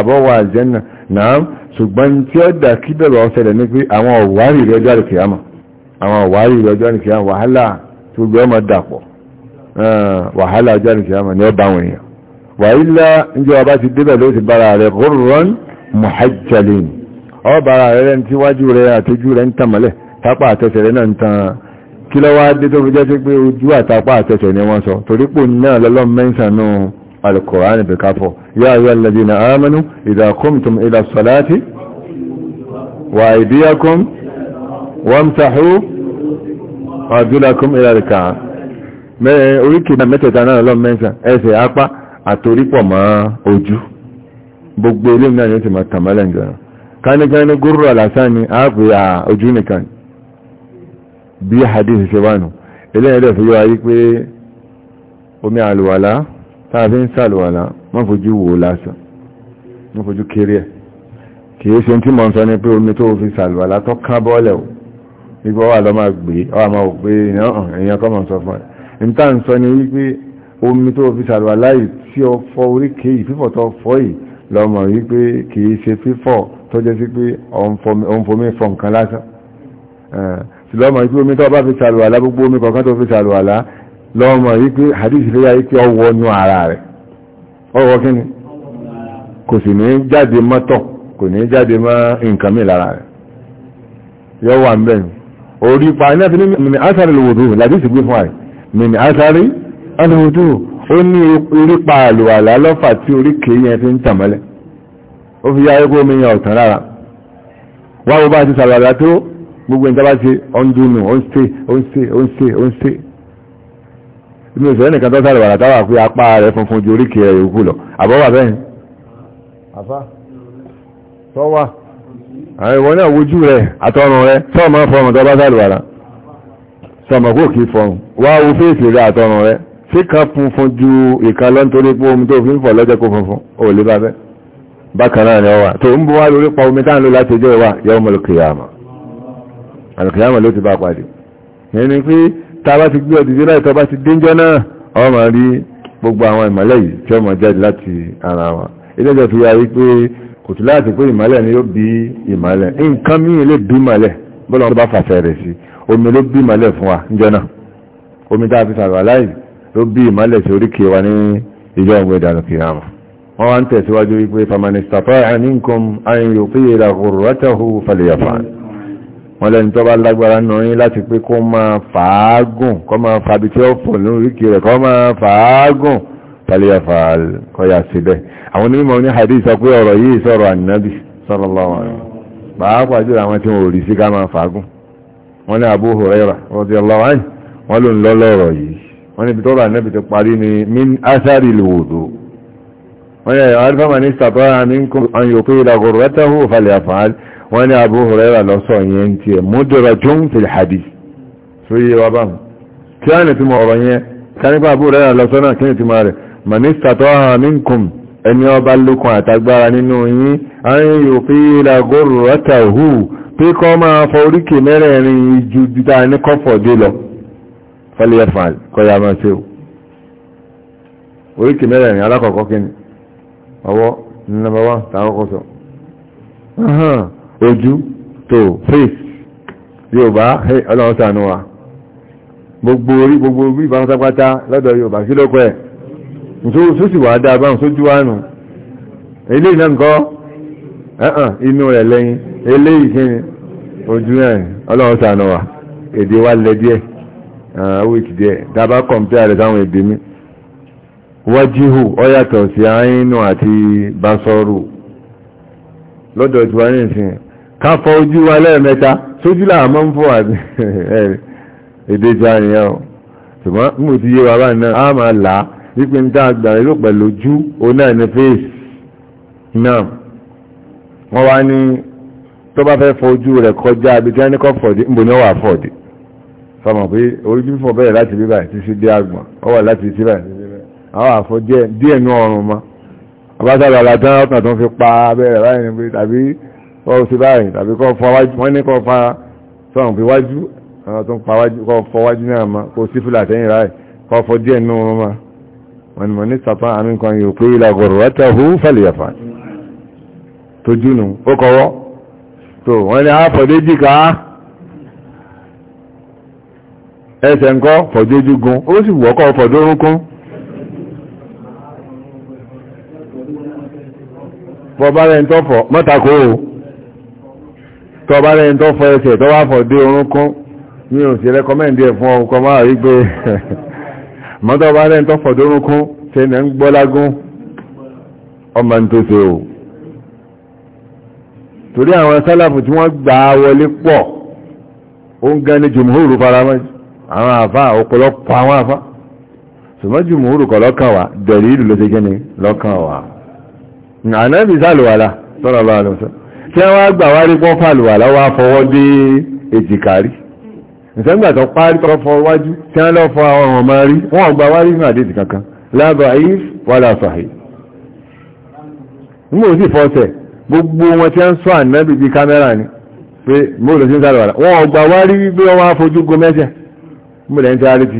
àbọ̀wọ̀ àjẹ́nà náà ṣùgbọ́n tí ó dà kí bẹ̀rù ó ní pé àwọn ọ̀wárì rẹ̀ ọjọ́ wàhálà tó gbé ọmọ dàpọ̀ Eh, wàhálà ọjọ́ ìkìyàmọ̀ ni ó bá wọn èèyàn wà ilá ìjọ ọba ti débẹ̀ ló ti bára rẹ̀ gọ́rọ̀rọ̀n muhajjalin ọ bára rẹ̀ rẹ̀ tí wájú rẹ̀ àtẹ́jú rẹ̀ ń tàmọ́lẹ̀ tápà àtẹ́sẹ̀ rẹ̀ náà ń tan kí lọ́wọ́ adé tó fi jẹ́ sí pé ojú àtàpà àtẹ́sẹ̀ ni wọ́n sọ torípò náà lọ́lọ́m mẹ́sànú alkùránì bìkáfọ́ yá wa aydiyakum wamsahu arjulakum ila rika'a oríkèé mẹ́tẹ̀ẹ̀ta náà lọ́mọ mẹ́ta ẹsẹ̀ apá àtòrí pọ̀ mọ́ ojú gbogbo ilé náà yóò ti mọ̀ tàmọ́lẹ̀ nìkan kánikáni gúrú àlàsán ni a pè à ojú nìkan bí hadith ṣe wà nù eléyìí dẹ̀ fi yọ ayé pé omi àlùwàlá tá a fi ń sàlùwàlá wọ́n fojú wò lásán wọ́n fojú kéré ẹ̀ kìí ṣe tí mọ̀ ń sọ ní pé omi tó fi sàlùwàlá tó ká bọ́ọ̀lẹ̀ ò igbó wà lọ́ máa gbé ọ àmọ́ òpé èèyàn kọ́ mọ̀ sọ fún ẹ̀ níta ń sọ ni wípé omi tó fi ṣàlùwàlá yìí tí ó fọ oríkèé yìí fífọ̀ tó fọ yìí lọ́mọ wípé kìí ṣe fífọ̀ tó jẹ́ sí pé ọ̀nfọ̀mí fọ̀ nǹkan lásán eh, lọ́mọ wípé omi tó bá fi ṣàlùwàlá gbogbo omi kọ̀ọ̀kan tó fi ṣàlùwàlá lọ́mọ wípé hadith lóyá wípé ọwọ́ nú ara rẹ̀ ọwọ́ kíni kò sì ní jáde mọ́tọ̀ kò ní jáde mọ́ nǹkan mi lára rẹ̀ yọ wà ń bẹ̀rù orí pa iná fi ní asàrẹ̀ lòwòdó làdí sì gbé fún àrẹ̀ min asari alhudu ó ní orípa àlùwàlá lọ́fà tí oríkèé yẹn fi ń tàmọ́lẹ̀ ó fi yáyé kó omiyan ọ̀tàn rárá wá bó bá ti sàlàlá tó gbogbo ìjọba ti ọ̀ndúnù ó ń ṣe ó ń ṣe ó ń ṣe ó ń ṣe sọmọ̀kú kì í fọrùn wá wo fèsì rẹ àtọrùn rẹ sí kan funfun ju ìkan lọ nítorí pé omi tó fi ń fọ̀ lọ́jọ́ kó funfun ò lè bá bẹ́ bákan náà ni ọ wà tó ń bọ́ wá lórí pa omi táà ń lò láti ọjọ́ ìwà yọ ọmọ lókèyàmà àlùkèyàmà ló ti bá padì ẹni pé tá a bá ti gbé ọdìdí láì tọ́ bá ti dénjọ́ náà ọmọ rí gbogbo àwọn ìmọ̀lẹ̀ yìí tí ọmọ jáde láti ara wa ilé-ẹjọ́ fi yá wípé kò tún láti pé bọ́lá ọba fàṣẹ rẹ̀ sí omi ló bí ìmọ̀lẹ̀ fún wa níjọ́ náà omi tá a fi sàrọ̀ aláì ló bí ìmọ̀lẹ̀ sí oríkèé wa ní ìjọ ìwé ìdànù kìíyàmù wọ́n wá ń tẹ̀síwájú wípé famanistapá minkum an yuqila ghurratahu falyaf'al wọ́n lẹ́ni tó bá lágbára nù yín láti pé kó máa fàágùn kó máa fàbí ní hadith sọ pé ọ̀rọ̀ yìí sọ̀rọ̀ ànábì sallallahu alaihi pàápàá jùlọ àwọn tí wọ́n rí sí ká máa fagún wọ́n ní Abu Huraira radiyallahu anhu wọ́n ló ń lọ lọ́rọ̀ yìí wọ́n níbi tọ́rọ ànẹ́bì ti parí ni min athari al-wudu wọ́n ní alifama ní istata'a minkum an yutila ghurratahu falyaf'al wọ́n ní Abu Huraira lọ́sọ̀ yẹn ti ẹ̀ mudrajun fil hadith so yé wa báwọn kí á ti mọ̀ ọ̀rọ̀ yẹn kánípa Abu Huraira lọ́sọ̀ náà kí ní ti mọ̀ rẹ̀ man istata'a minkum ẹni ọba lókun àtagbára nínú yín àárín yóò fi ilẹ̀ gòrò rẹ́tà hù pé kọ́ máa fọ oríkè mẹ́rẹ̀ẹ̀rin ju dídá ní kọ́fọ̀ dé lọ fẹ́lẹ̀ ẹ̀fà kọ́ya máa ṣe o oríkè mẹ́rẹ̀ẹ̀rin alákọ̀ọ́kọ́ kí ni ọwọ́ nọ́mbà wá tààkọ́kọ́ tó sì wà dáa báhùn sójú wánù ilé ìná nǹkan ẹ̀hàn inú rẹ̀ lẹ́yìn ilé ìkíni ojú ẹ̀ ọlọ́run sànà wà èdè wa lẹ díẹ̀ wíìkì díẹ̀ dábàá kọ̀m̀pẹ́ rẹ̀ sáwọn èdè mi wájíhù ọyàtọ̀ sí àínú àti basọ́rù lọ́dọ̀ tí wọ́n rìn sí káfọ́ ojú wa lẹ́ẹ̀mẹ́ta sójú làmọ́ ń fọ́ àti èdè tí a ṣùgbọ́n mú ti yé wa báyìí náà á máa làá wípé ń dá agbàrá ló pẹ̀lú ojú òun náà ní fèsì náà wọ́n wá ní tó bá fẹ́ fọ ojú rẹ̀ kọjá ibi tí wọ́n ní kọ́ fọ̀dí ń bò ní ọ̀wà fọ̀dí fọmọ pé orí fífọ̀ bẹ̀rẹ̀ láti bíbà títí dé àgbọ̀n ó wà láti títí báyìí àwọn àfọ̀ díẹ̀ nú ọrùn mọ́ abátàlọ́ àlàtán ọkàn tó fi pa abẹ́rẹ́ báyìí ni pé tàbí kọ́ sí báyìí tàbí kọ́ fọ wájú wọ́n ní kọ́ fa sọ̀rọ̀ pé wájú àwọn tó ń pa wájú kọ́ fọ wájú náà mọ́ kó sífìlà tẹ́yìn ráì kọ́ fọ díẹ̀ nú ọrùn mọ́ wọ́n ni mọ̀ ní sàpá àmì kan yóò pé ilà gọ̀rọ̀ wátàhù fàlìyàfà tó júnù ó kọwọ́ tó wọ́n ni àáfọ̀dé jìká ẹsẹ̀ ńkọ́ fọ̀dójúgun ó sì wọ́kọ́ fọ̀dórúnkún fọ̀bárẹ̀ ntọ́fọ̀ mọ́tàkó o tọ́bárẹ̀ ntọ́fọ̀ ẹsẹ̀ tọ́wáfọ̀dé orúnkún mi ò sì rẹ́kọ́mẹ́ndì ẹ̀ fún ọkọ̀ máa rí pé mọ́tọ́ bá rẹ̀ ń tọ́fọ̀ dórúnkún tí ẹ̀nà ń gbọ́lágún ọmọ tó ṣe o torí àwọn sálàfù tí wọ́n gbà wọlé pọ̀ ó ń gan ní jùmúhùrù faramọ́ àwọn àfá ọ̀pọ̀lọpọ̀ àwọn àfá ṣùgbọ́n jùmúhùrù kọ̀ lọ́kàn wà dẹ̀rí ìlú ló ṣe ìsẹ́gbà tó parí tọ́ fọ wájú tí wọ́n lọ fọ ọ̀rọ̀ ma rí wọ́n gba wárí fún àdéjì kankan lábà if wàlá sọ̀hì mú sí fọ́sẹ̀ gbogbo wọn tí wọ́n sọ ànábì bí kámẹ́rà ni pé mú lọ sí sáré wàlá wọ́n gba wárí wípé wọ́n wá fojú go mẹ́sẹ̀ mú lẹ́yìn tí a rí ti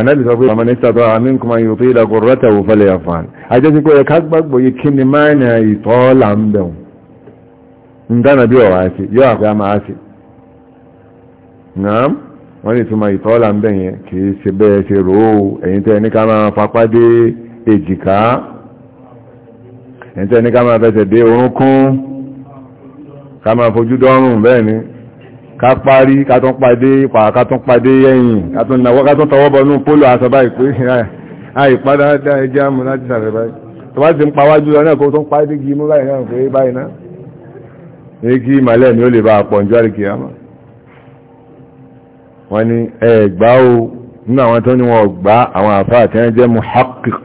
ànábì sọ pé ọmọ nísà tó yóò fi ìlàgò rọ́tà fẹ́lẹ̀ àfàn àjẹ́ sí pé ẹ̀ka gbàgbọ́ yìí kí ni máa ń ìtọ́ là ń dáná bí ọ̀rọ̀ àti yóò àpẹ́ a máa náà wọ́n lè túnmọ̀ ìtọ́lá ń bẹ̀yẹn kìí ṣe bẹ́ẹ̀ ṣe rò ó ẹ̀yin tẹ́ ní ká máa fapá dé èjìká ẹ̀yin tẹ́ ní ká máa fẹsẹ̀ dé orúnkún ká máa fojú dọ́rùn bẹ́ẹ̀ ni ká parí ká tún pàdé pàá ká tún pàdé ẹ̀yìn ká tún tọwọ́ bọnú pólò àṣọba ìpé àìpadà ẹjẹ́ àmú láti sàrẹ̀ báyìí tó bá ti ń pawájú lọ náà kó tún pàdé gí mú wọ́n ní ẹ̀gbá o nínú àwọn tó ní wọn gbá àwọn àfáà àti ẹni jẹ́ muhakkik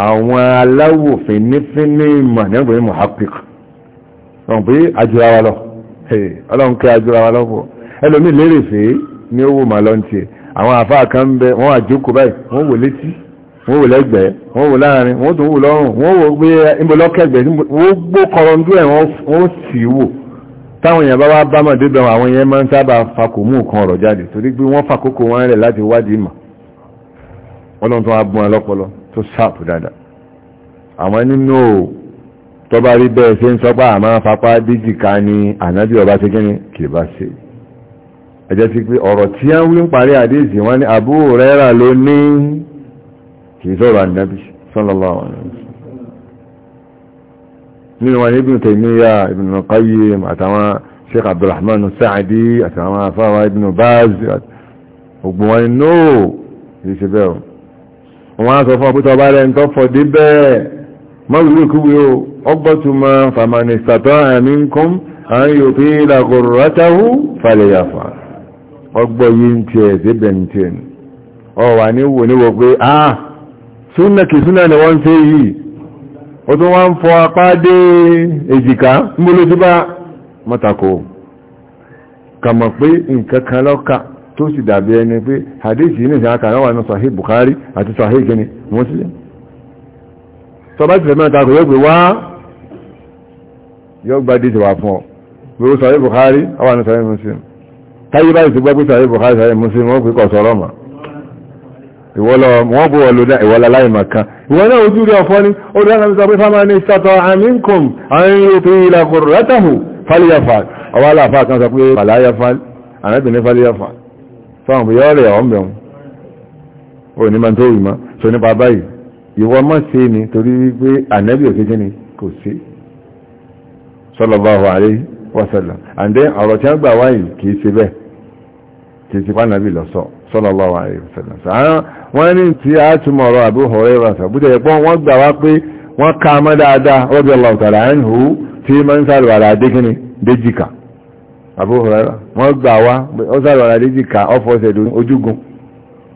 àwọn aláwò fínífíní ìmọ̀ ní ọgbẹ̀rẹ̀ muhakkik wọ́n pé ajúra wa lọ ọlọ́run kẹ́ ajúra wa lọ́pọ̀ ẹlòmí lérè fèé ní owó màá wò táwọn èèyàn bá wá bá mọ̀ débẹ̀ àwọn èèyàn máa ń sábà fakòmú nǹkan ọ̀rọ̀ jáde torí pé wọ́n fàkókò wọn rẹ̀ láti wádìí mọ̀ ọlọ́run tó wá bọ́n ọlọ́pọlọ tó sáàpù dáadáa àwọn nínú tó bá rí bẹ́ẹ̀ ṣe ń sọpá àmọ́ fapá díjìká ni ànábì ọba ṣe kíni kì bá ṣe ẹjẹ́ sí pé ọ̀rọ̀ tí a ń wí ń parí àdéhìsì wọn ni àbúrò rẹ́rà ló ní kì í sọ̀rọ̀ ànábì sallallahu alaihi wasallam nínú wọn ibn Taymiyyah ibn Qayyim àtàwọn sheikh abdulrahman sa'adi àtàwọn afáwa ibn Baz ogun wọn ni nóò yìí ṣe bẹ́ẹ̀ o wọ́n á sọ fún ọpútọ bá rẹ̀ ń tọ́ fọ́ dé bẹ́ẹ̀ mọ́lùlù kúwé o ọgbọ́túnmọ́ famanistatan minkum an yutila ghurratahu falyaf'al ọgbọ́ yìí ń tiẹ̀ débẹ̀ ń tiẹ̀ ọ wà ní wò níwò pé ah súnà kì súnà ni wọ́n ń ṣe yìí ó tún wá ń fọ apá dé èjìká múlò tí bá mọ́tàkó kàmọ̀ pé nǹkan kan tó sì dàbí ẹni pé hadith yìí nìsàn àkàrà wà ní sahih Bukhari àti sahih gini Muslim tọba ti fẹ̀mẹ́ àtàkù yóò wá gba dìtì fún ọ gbogbo sahih àwọn sahih Muslim táyé ti gbọ́ pé Muslim wọ́n kọ̀ ìwọ́lọ wọ́n bú ọlọ́dá ìwọ́lá láìmọ̀kan ìwọ́n náà ojú rí ọ̀fọ́ ní orílẹ̀-èdè sọ pé fámánì sátọ̀ àmínkùn àrin ètò ìlàkùrù látàhù fàlíyàfà ọwálàfà kan sọ pé fàlíyàfà àrẹ́bìnrin fàlíyàfà fáwọn bí yọ́rẹ̀ ọ̀mẹ́un ò ní máa tó wì máa so nípa báyìí ìwọ mọ́ sí ni torí wípé ànẹ́bì òkèké sallallahu alaihi wasallam sàárán wọ́n ní tí a túnmọ̀ ọ̀rọ̀ Abu Hurairah sàbújẹ́ ẹ̀pọ́n wọ́n gbà wá pé wọ́n ká mọ́ dáadáa radiyallahu ta'ala anhu tí ma ń Abu Hurairah wọ́n gbà wá ó sàrùwàrà déjìká ọfọ́sẹ̀ ojúgun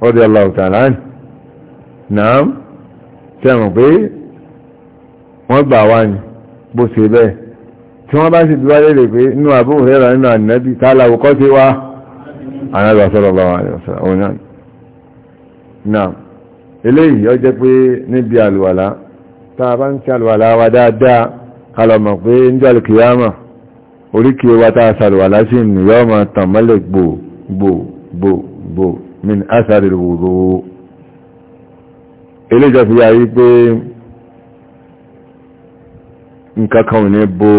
radiyallahu ta'ala bó anábì sallallahu alaihi wasallam òun náà náà eléyìí ó jẹ́ pé níbi àlùwàlá tá a bá ń ṣe àlùwàlá wa dáadáa kalọ̀mọ̀ pé ń jọ alùkìyàmà oríkèé wa tá a ṣàlùwàlá sí ni yọ́ máa tàn mọ́lẹ̀ gbò gbò gbò gbò min asari wudu eléyìí jọ fi yà yí nǹkan kan ò ní bo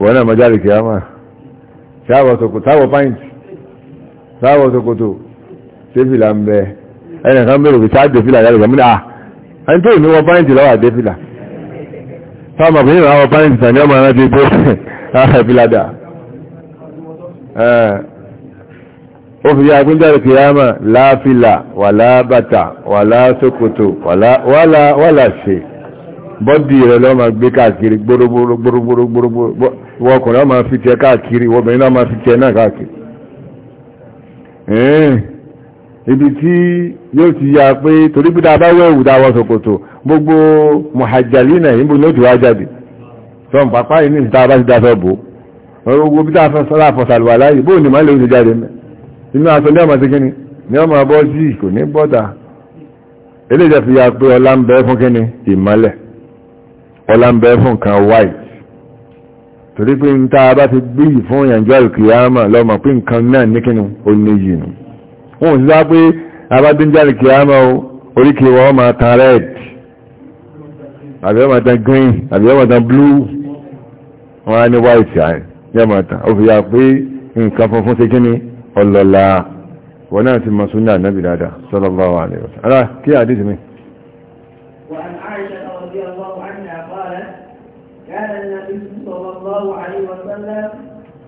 wọ́n náà mọ́jálì kìyàmà táwọ̀ pàǹtì táwọ̀ ṣòkòtò tẹ́fìlà ń bẹ ẹnìkan bẹ̀rẹ̀ òfin sáájú fìlà yàrá ìgbàmúlẹ̀ à ẹni tó ní wọ́n pàǹtì lọ́wọ́ àdẹ́fìlà fáwọn ọkùnrin náà wọ́n pàǹtì tàní ọmọ ẹran ti bó fìlà dà ó fi yá agbóńjáde kìyàmà láfìlà wàlá bàtà wàlá ṣòkòtò wàlá ṣe bọ́dì rẹ̀ lọ́mọ gbé káàkiri gbórógbórógbórógbórógbóró ìwọ ọkùnrin ọmọ fi tiẹ̀ káàkiri ìwọ obìnrin náà máa fi tiẹ̀ náà káàkiri ibi tí yóò ti ya pé torí pé dáa bá wẹ̀wù dáwọ́ ṣòkòtò gbogbo mọ̀hàjàlì náà yìí bó ní ó ti wá jáde sọ́n pàpá yìí ní ìta bá ti dáṣọ́ bò gbogbo bí dáa sọ́lá àfọ̀sàlùwà láyé bó ní máa ó ti jáde mẹ́ ya pé ọlá ń bẹ fún kíni ìmọ́lẹ̀ ọlá ń torí pé ń táa bá ti gbé yìí fún ìyànjọ́ ìkìyàmà lọ́mọ̀ pé nǹkan náà ní kínú oníyì nù wọ́n sì sá pé abádínjá ìkìyàmà oríkì wọ́n máa tan red àbí wọ́n máa tan green àbí wọ́n máa tan blue wọ́n á ní white yẹ́ máa tan ó fi yà pé nǹkan funfun ṣe kíní ọlọ́lá wọ́n náà ti mọ̀ súnà nábì dáadáa sallallahu alaihi wasallam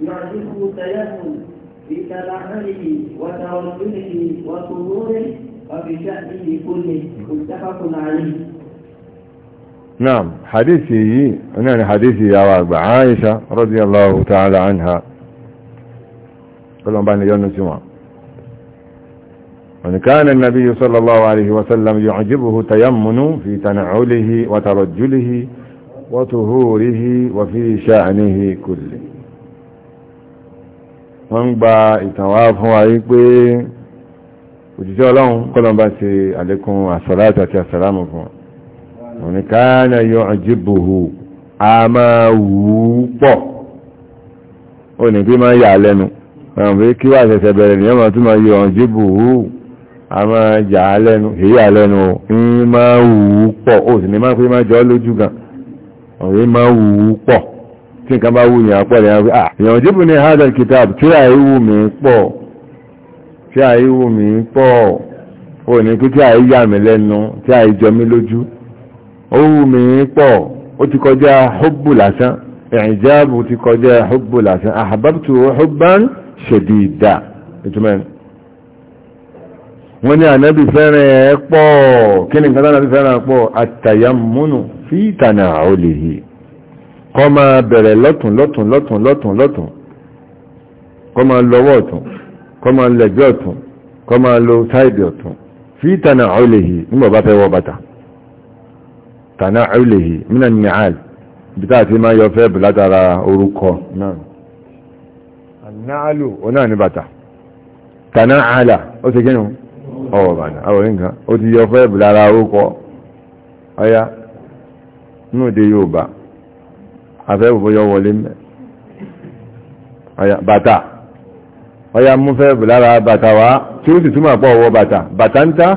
يعجبه التيمم في تنعله وتوجهه وصدوره وبشأنه كله متفق عليه نعم حديثي هنا حديثي يا رب عائشة رضي الله تعالى عنها كلهم بين يوم الجمعة وإن كان النبي صلى الله عليه وسلم يعجبه تيمن في تنعله وترجله وطهوره وفي شأنه كله wọ́n ń gba ìtàn wá fún wa yí pé òjíṣẹ́ ọlọ́run kọ́lọ̀mbà ṣe àlékún àsọ̀láàtì àti àsàlámù fún wọn ní káàna yọ a máa wù ú pọ̀ ó ní pé máa yà lẹ́nu ẹ̀rùn pé kí wà ṣẹ̀ṣẹ̀ bẹ̀rẹ̀ ní ọmọ tó máa yọ àjíbòhù a máa yà lẹ́nu èyí à lẹ́nu ń máa wù ú pọ̀ ó sì ní máa pé máa jọ lójú máa wù ú pọ̀ tí nǹkan bá wù ní àpẹẹrẹ àwọn èèyàn jíbù ní hadal kitab tí àìwù mi pọ̀ tí àìwù mi pọ̀ ò ní pé tí àìyà mi lẹ́nu tí àìjọ mi lójú ó wù mí pọ̀ ó ti kọjá hubbu lásán ìjábù ti kọjá hubbu lásán ahbabtu hubban shadida wọ́n ní ànábì fẹ́ràn ẹ̀ pọ̀ kí ni nǹkan tánàbì fẹ́ràn pọ̀ àtàyàmúnù fi tànà kọ́ máa bẹ̀rẹ̀ lọ́tún lọ́tún lọ́tún lọ́tún lọ́tún kọ́ máa lọ́wọ́ ọ̀tún kọ́ máa lẹ́gbẹ́ ọ̀tún kọ́ máa sáìdì fi tànà ọ̀lẹ́hì nígbà bá fẹ́ wọ bàtà tànà ọ̀lẹ́hì mínà ní bí táà ti máa yọ fẹ́ bù látara orúkọ náà anáàlù ó Yorùbá afẹ́wò bóyọ wọlé mẹ́ bàtà ọya mú fẹ́ bù lára bàtà wá tí ó sì túnmà pọ̀ ọwọ́ bàtà bàtà ń ta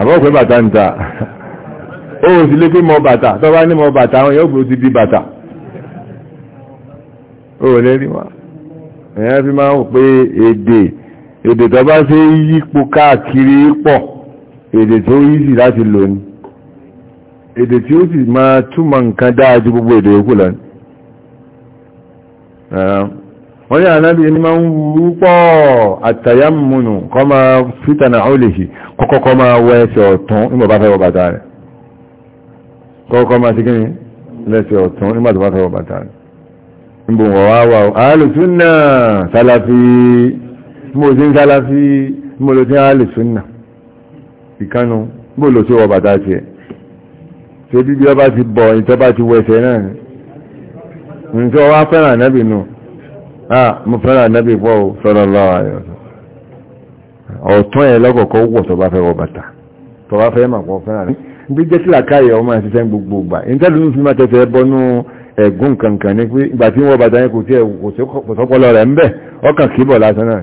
àbọ́pẹ́ bàtà ń ta ó sì lé pé mọ bàtà tó bá ní mọ bàtà àwọn yóò gbòó ti di bàtà ó lè rí wá èèyàn fi máa ń pé èdè èdè tó bá ṣe yípo káàkiri pọ̀ èdè tó yí sí láti lò èdè tí ó sì máa túmọ̀ nǹkan dáájú gbogbo èdè yòókù lọ wọ́n ní ànábì ní máa ń wú pọ̀ àtàyámùnù kọ́ máa fítànà àúlèṣì kọ́kọ́kọ́ máa wọ ẹsẹ̀ ọ̀tún nígbà bá fẹ́ wọ bàtà rẹ̀ kọ́kọ́ máa ti kíni lẹ́sẹ̀ ọ̀tún nígbà tó bá bàtà rẹ̀ níbo wọ̀ wá wà áàlùsúnnà sálàfí mo sálàfí mo lo ìkánu bó lo bàtà tiẹ̀ ṣe bí bí ọba ti bọ̀ ìtọ́ bá ti wẹ̀ṣẹ̀ náà ni ní tí wọ́n wá fẹ́ràn ànábì nù ah mo fẹ́ràn ànábì pọ̀ o sallallahu alaihi wasallam ọ̀tún ẹ̀ lọ́kọ̀ọ́kọ́ wọ̀ tó bá fẹ́ wọ bàtà tó bá fẹ́ mà pọ̀ fẹ́ràn ànábì bí jẹ́ sílà káyọ̀ ọmọ ìṣiṣẹ́ gbogbo gbà ìtẹ́lú ní fi máa tẹ̀sẹ̀ bọnú ẹ̀gún kankan ní pé ìgbà tí wọ́n bàtà yẹn kò tí ẹ̀ kò sọ́pọ̀lọ rẹ̀ ń bẹ̀ ọkàn kíbọ̀ lásán náà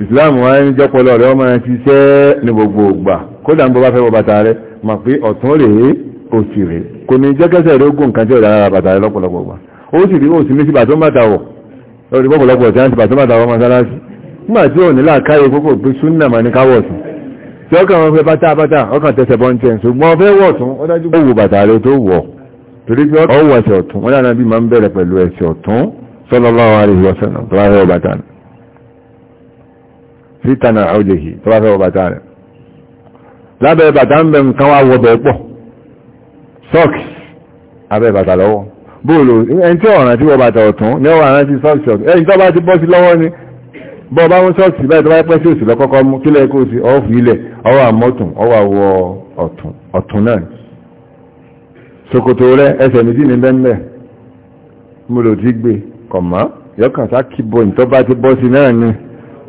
ìsìláàmù wáyé ní jọ́pọ̀lọ rẹ̀ ọmọ ìṣiṣẹ́ ní gbogbo gbà kódà ń bọ́ bá fẹ́ wọ bàtà rẹ̀ mà pé ọ̀tún rèé osiri rẹ̀ kò ní jẹ́kẹ́sẹ̀ rẹ̀ ogun nǹkan tí ó dára bàtà rẹ̀ lọ́pọ̀lọpọ̀ gbà ó sì rí òsì méjì bàtó bàtà wọ̀ lórí pọ̀pọ̀lọpọ̀ onila wọ́n ti bàtó bàtà wọ̀ mọ́sálásì nígbà tí ò ní láàkáyé púpọ̀ pé súnà mà ní káwọ̀ sí tí ọkàn wọn fẹ́ bàtà bàtà ọkàn tẹsẹ̀ bọ́ tẹ̀ ṣùgbọ́n fẹ́ ọ wọ ẹsẹ̀ ọ̀tún wọn dáná bí máa ń bẹ̀rẹ̀ pẹ̀lú ẹsẹ̀ ọ̀tún tó bá fẹ́ wọ bàtà sí sọ́ọ̀kì abẹ́ bàtà lọ́wọ́ bóòlù ẹni tí ọ̀ràn tí wọ́n bàtà ọ̀tún ní ọ̀ràn rántí sọ́ọ̀kì sọ́ọ̀kì ẹni tó bá ti bọ́ sí lọ́wọ́ ni bọ́ bá mú sọ́ọ̀kì báyìí tó bá pẹ́ sí òsì lọ́kọ́kọ́ mú kílẹ̀ kó sí ọ̀fù ilẹ̀ ọwọ́ àmọ́tún ọwọ́ àwọ ọ̀tún náà ṣòkòtò rẹ ẹsẹ̀ méjì ní bẹ́ńbẹ́ mo lò ti gbé kọ̀mọ́ yọkàn sá kíbo ní tó bá ti bọ́ sí náà ni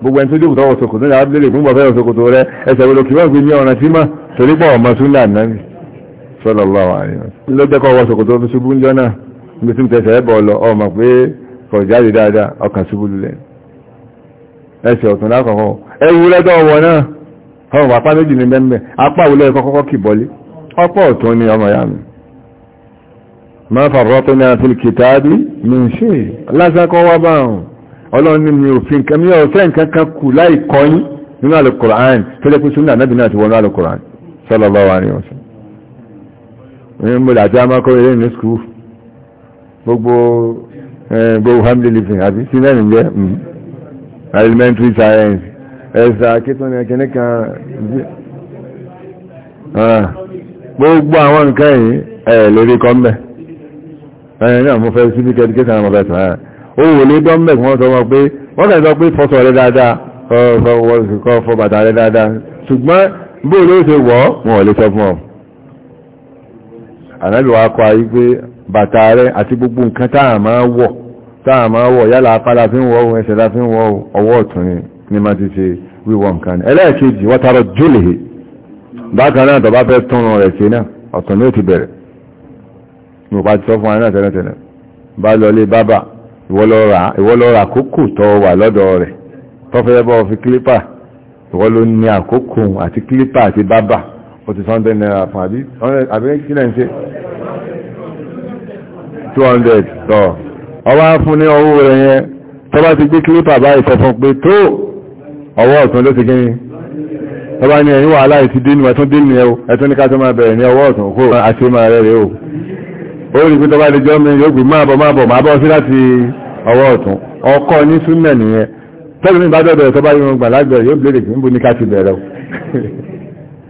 gbogbo ẹni tó jókòó tọwọ́ ṣòkòtò náà lè fún bàbá ẹ̀rọ ṣòkòtò rẹ ẹsẹ̀ wo lo kí wọ́n gbé ní ọ̀ràn sí mọ́ torí pọ̀ ọmọ súnà náà sallallahu alaihi wasallam lọ́jọ́ kọ́ wọ ṣòkòtò fi ṣubú ńjọ́ náà níbi tí ń tẹ̀sẹ̀ ẹ̀bọ̀ lọ ọmọ pé kọ̀ jáde dáadáa ọkàn ṣubú lulẹ̀ ẹsẹ̀ ọ̀tún lákọ̀ọ́kọ́ ẹwú lẹ́tọ̀ ọwọ́ náà ọmọ pàpá méjì ní bẹ́ẹ̀ apá òwúlẹ̀ kọ́kọ́kọ́ kì bọ́lé ọ̀pọ̀ ọ̀tún ni ọmọ yá mi ma farratna fil kitabi min shay lásàkọ́ wá bá wọn ọlọ́run ní mi òfin kẹ́mi ọ̀fẹ́ nǹkan kan kù láì kọ́yìn nínú àlùkùrán tó ní mo dàtí a máa kọ́ ilé ní skul gbogbo gbogbo family living àti sí náà nìyẹn mm. elementary science ẹ̀sà kíkún ẹ̀kẹ́ni kan gbogbo àwọn nǹkan yìí ẹ̀ lórí kọ́mbẹ̀ ẹ̀yìn náà mo fẹ́ civic education àwọn ọmọbẹ̀ sàn ó wò lé gọ́mbẹ̀ kí wọ́n sọ wọn pé wọ́n kàn sọ pé fọ́sọ̀ rẹ dáadáa fọ́ bàtà rẹ dáadáa ṣùgbọ́n bóòlù ó ṣe wọ́ wọn ò lè sọ fún ọ ànábì wa kọ́ ayé pé bàtà rẹ̀ àti gbogbo nǹkan táà máa wọ̀ táà máa wọ̀ yálà apá la fi ń wọ̀ ohun ẹsẹ̀ la fi ń wọ̀ ọwọ́ ọ̀tún ni ní ma ti ṣe wíwọ̀ nǹkan ni ẹlẹ́ẹ̀kejì wọ́n tarọ jólè bákan náà tọ́ bá fẹ́ túnrun rẹ̀ ṣe náà ó ti sọ́ndẹ̀ náírà fún àbí àbí kí lẹ́ ń ṣe 200 tọ́ ọwá fún ní ọwọ́ rẹ̀ yẹn tó bá ti gbé kílípà báyìí sọ pé tó ọwọ́ ọ̀tún ló ti gíní tó bá ní ẹ̀yìn wàhálà ìti dínú ẹ̀tún dínú ẹ̀ ẹ̀tún ní ká máa bẹ̀rẹ̀ ní ọwọ́ ọ̀tún kó àti máa rẹ̀ rẹ̀ o ó rí pé tó lè jọ́ mi yóò gbé máa bọ̀ máa bọ̀ máa bọ́ sí láti ọwọ́ ọ̀tún ọkọ ní súnmẹ̀ nìyẹn tẹ́lẹ̀ mi bá dọ̀dọ̀ tó yóò gbà lágbẹ̀rẹ̀ yóò bléèrè níbo ní ká ti bẹ̀rẹ̀ o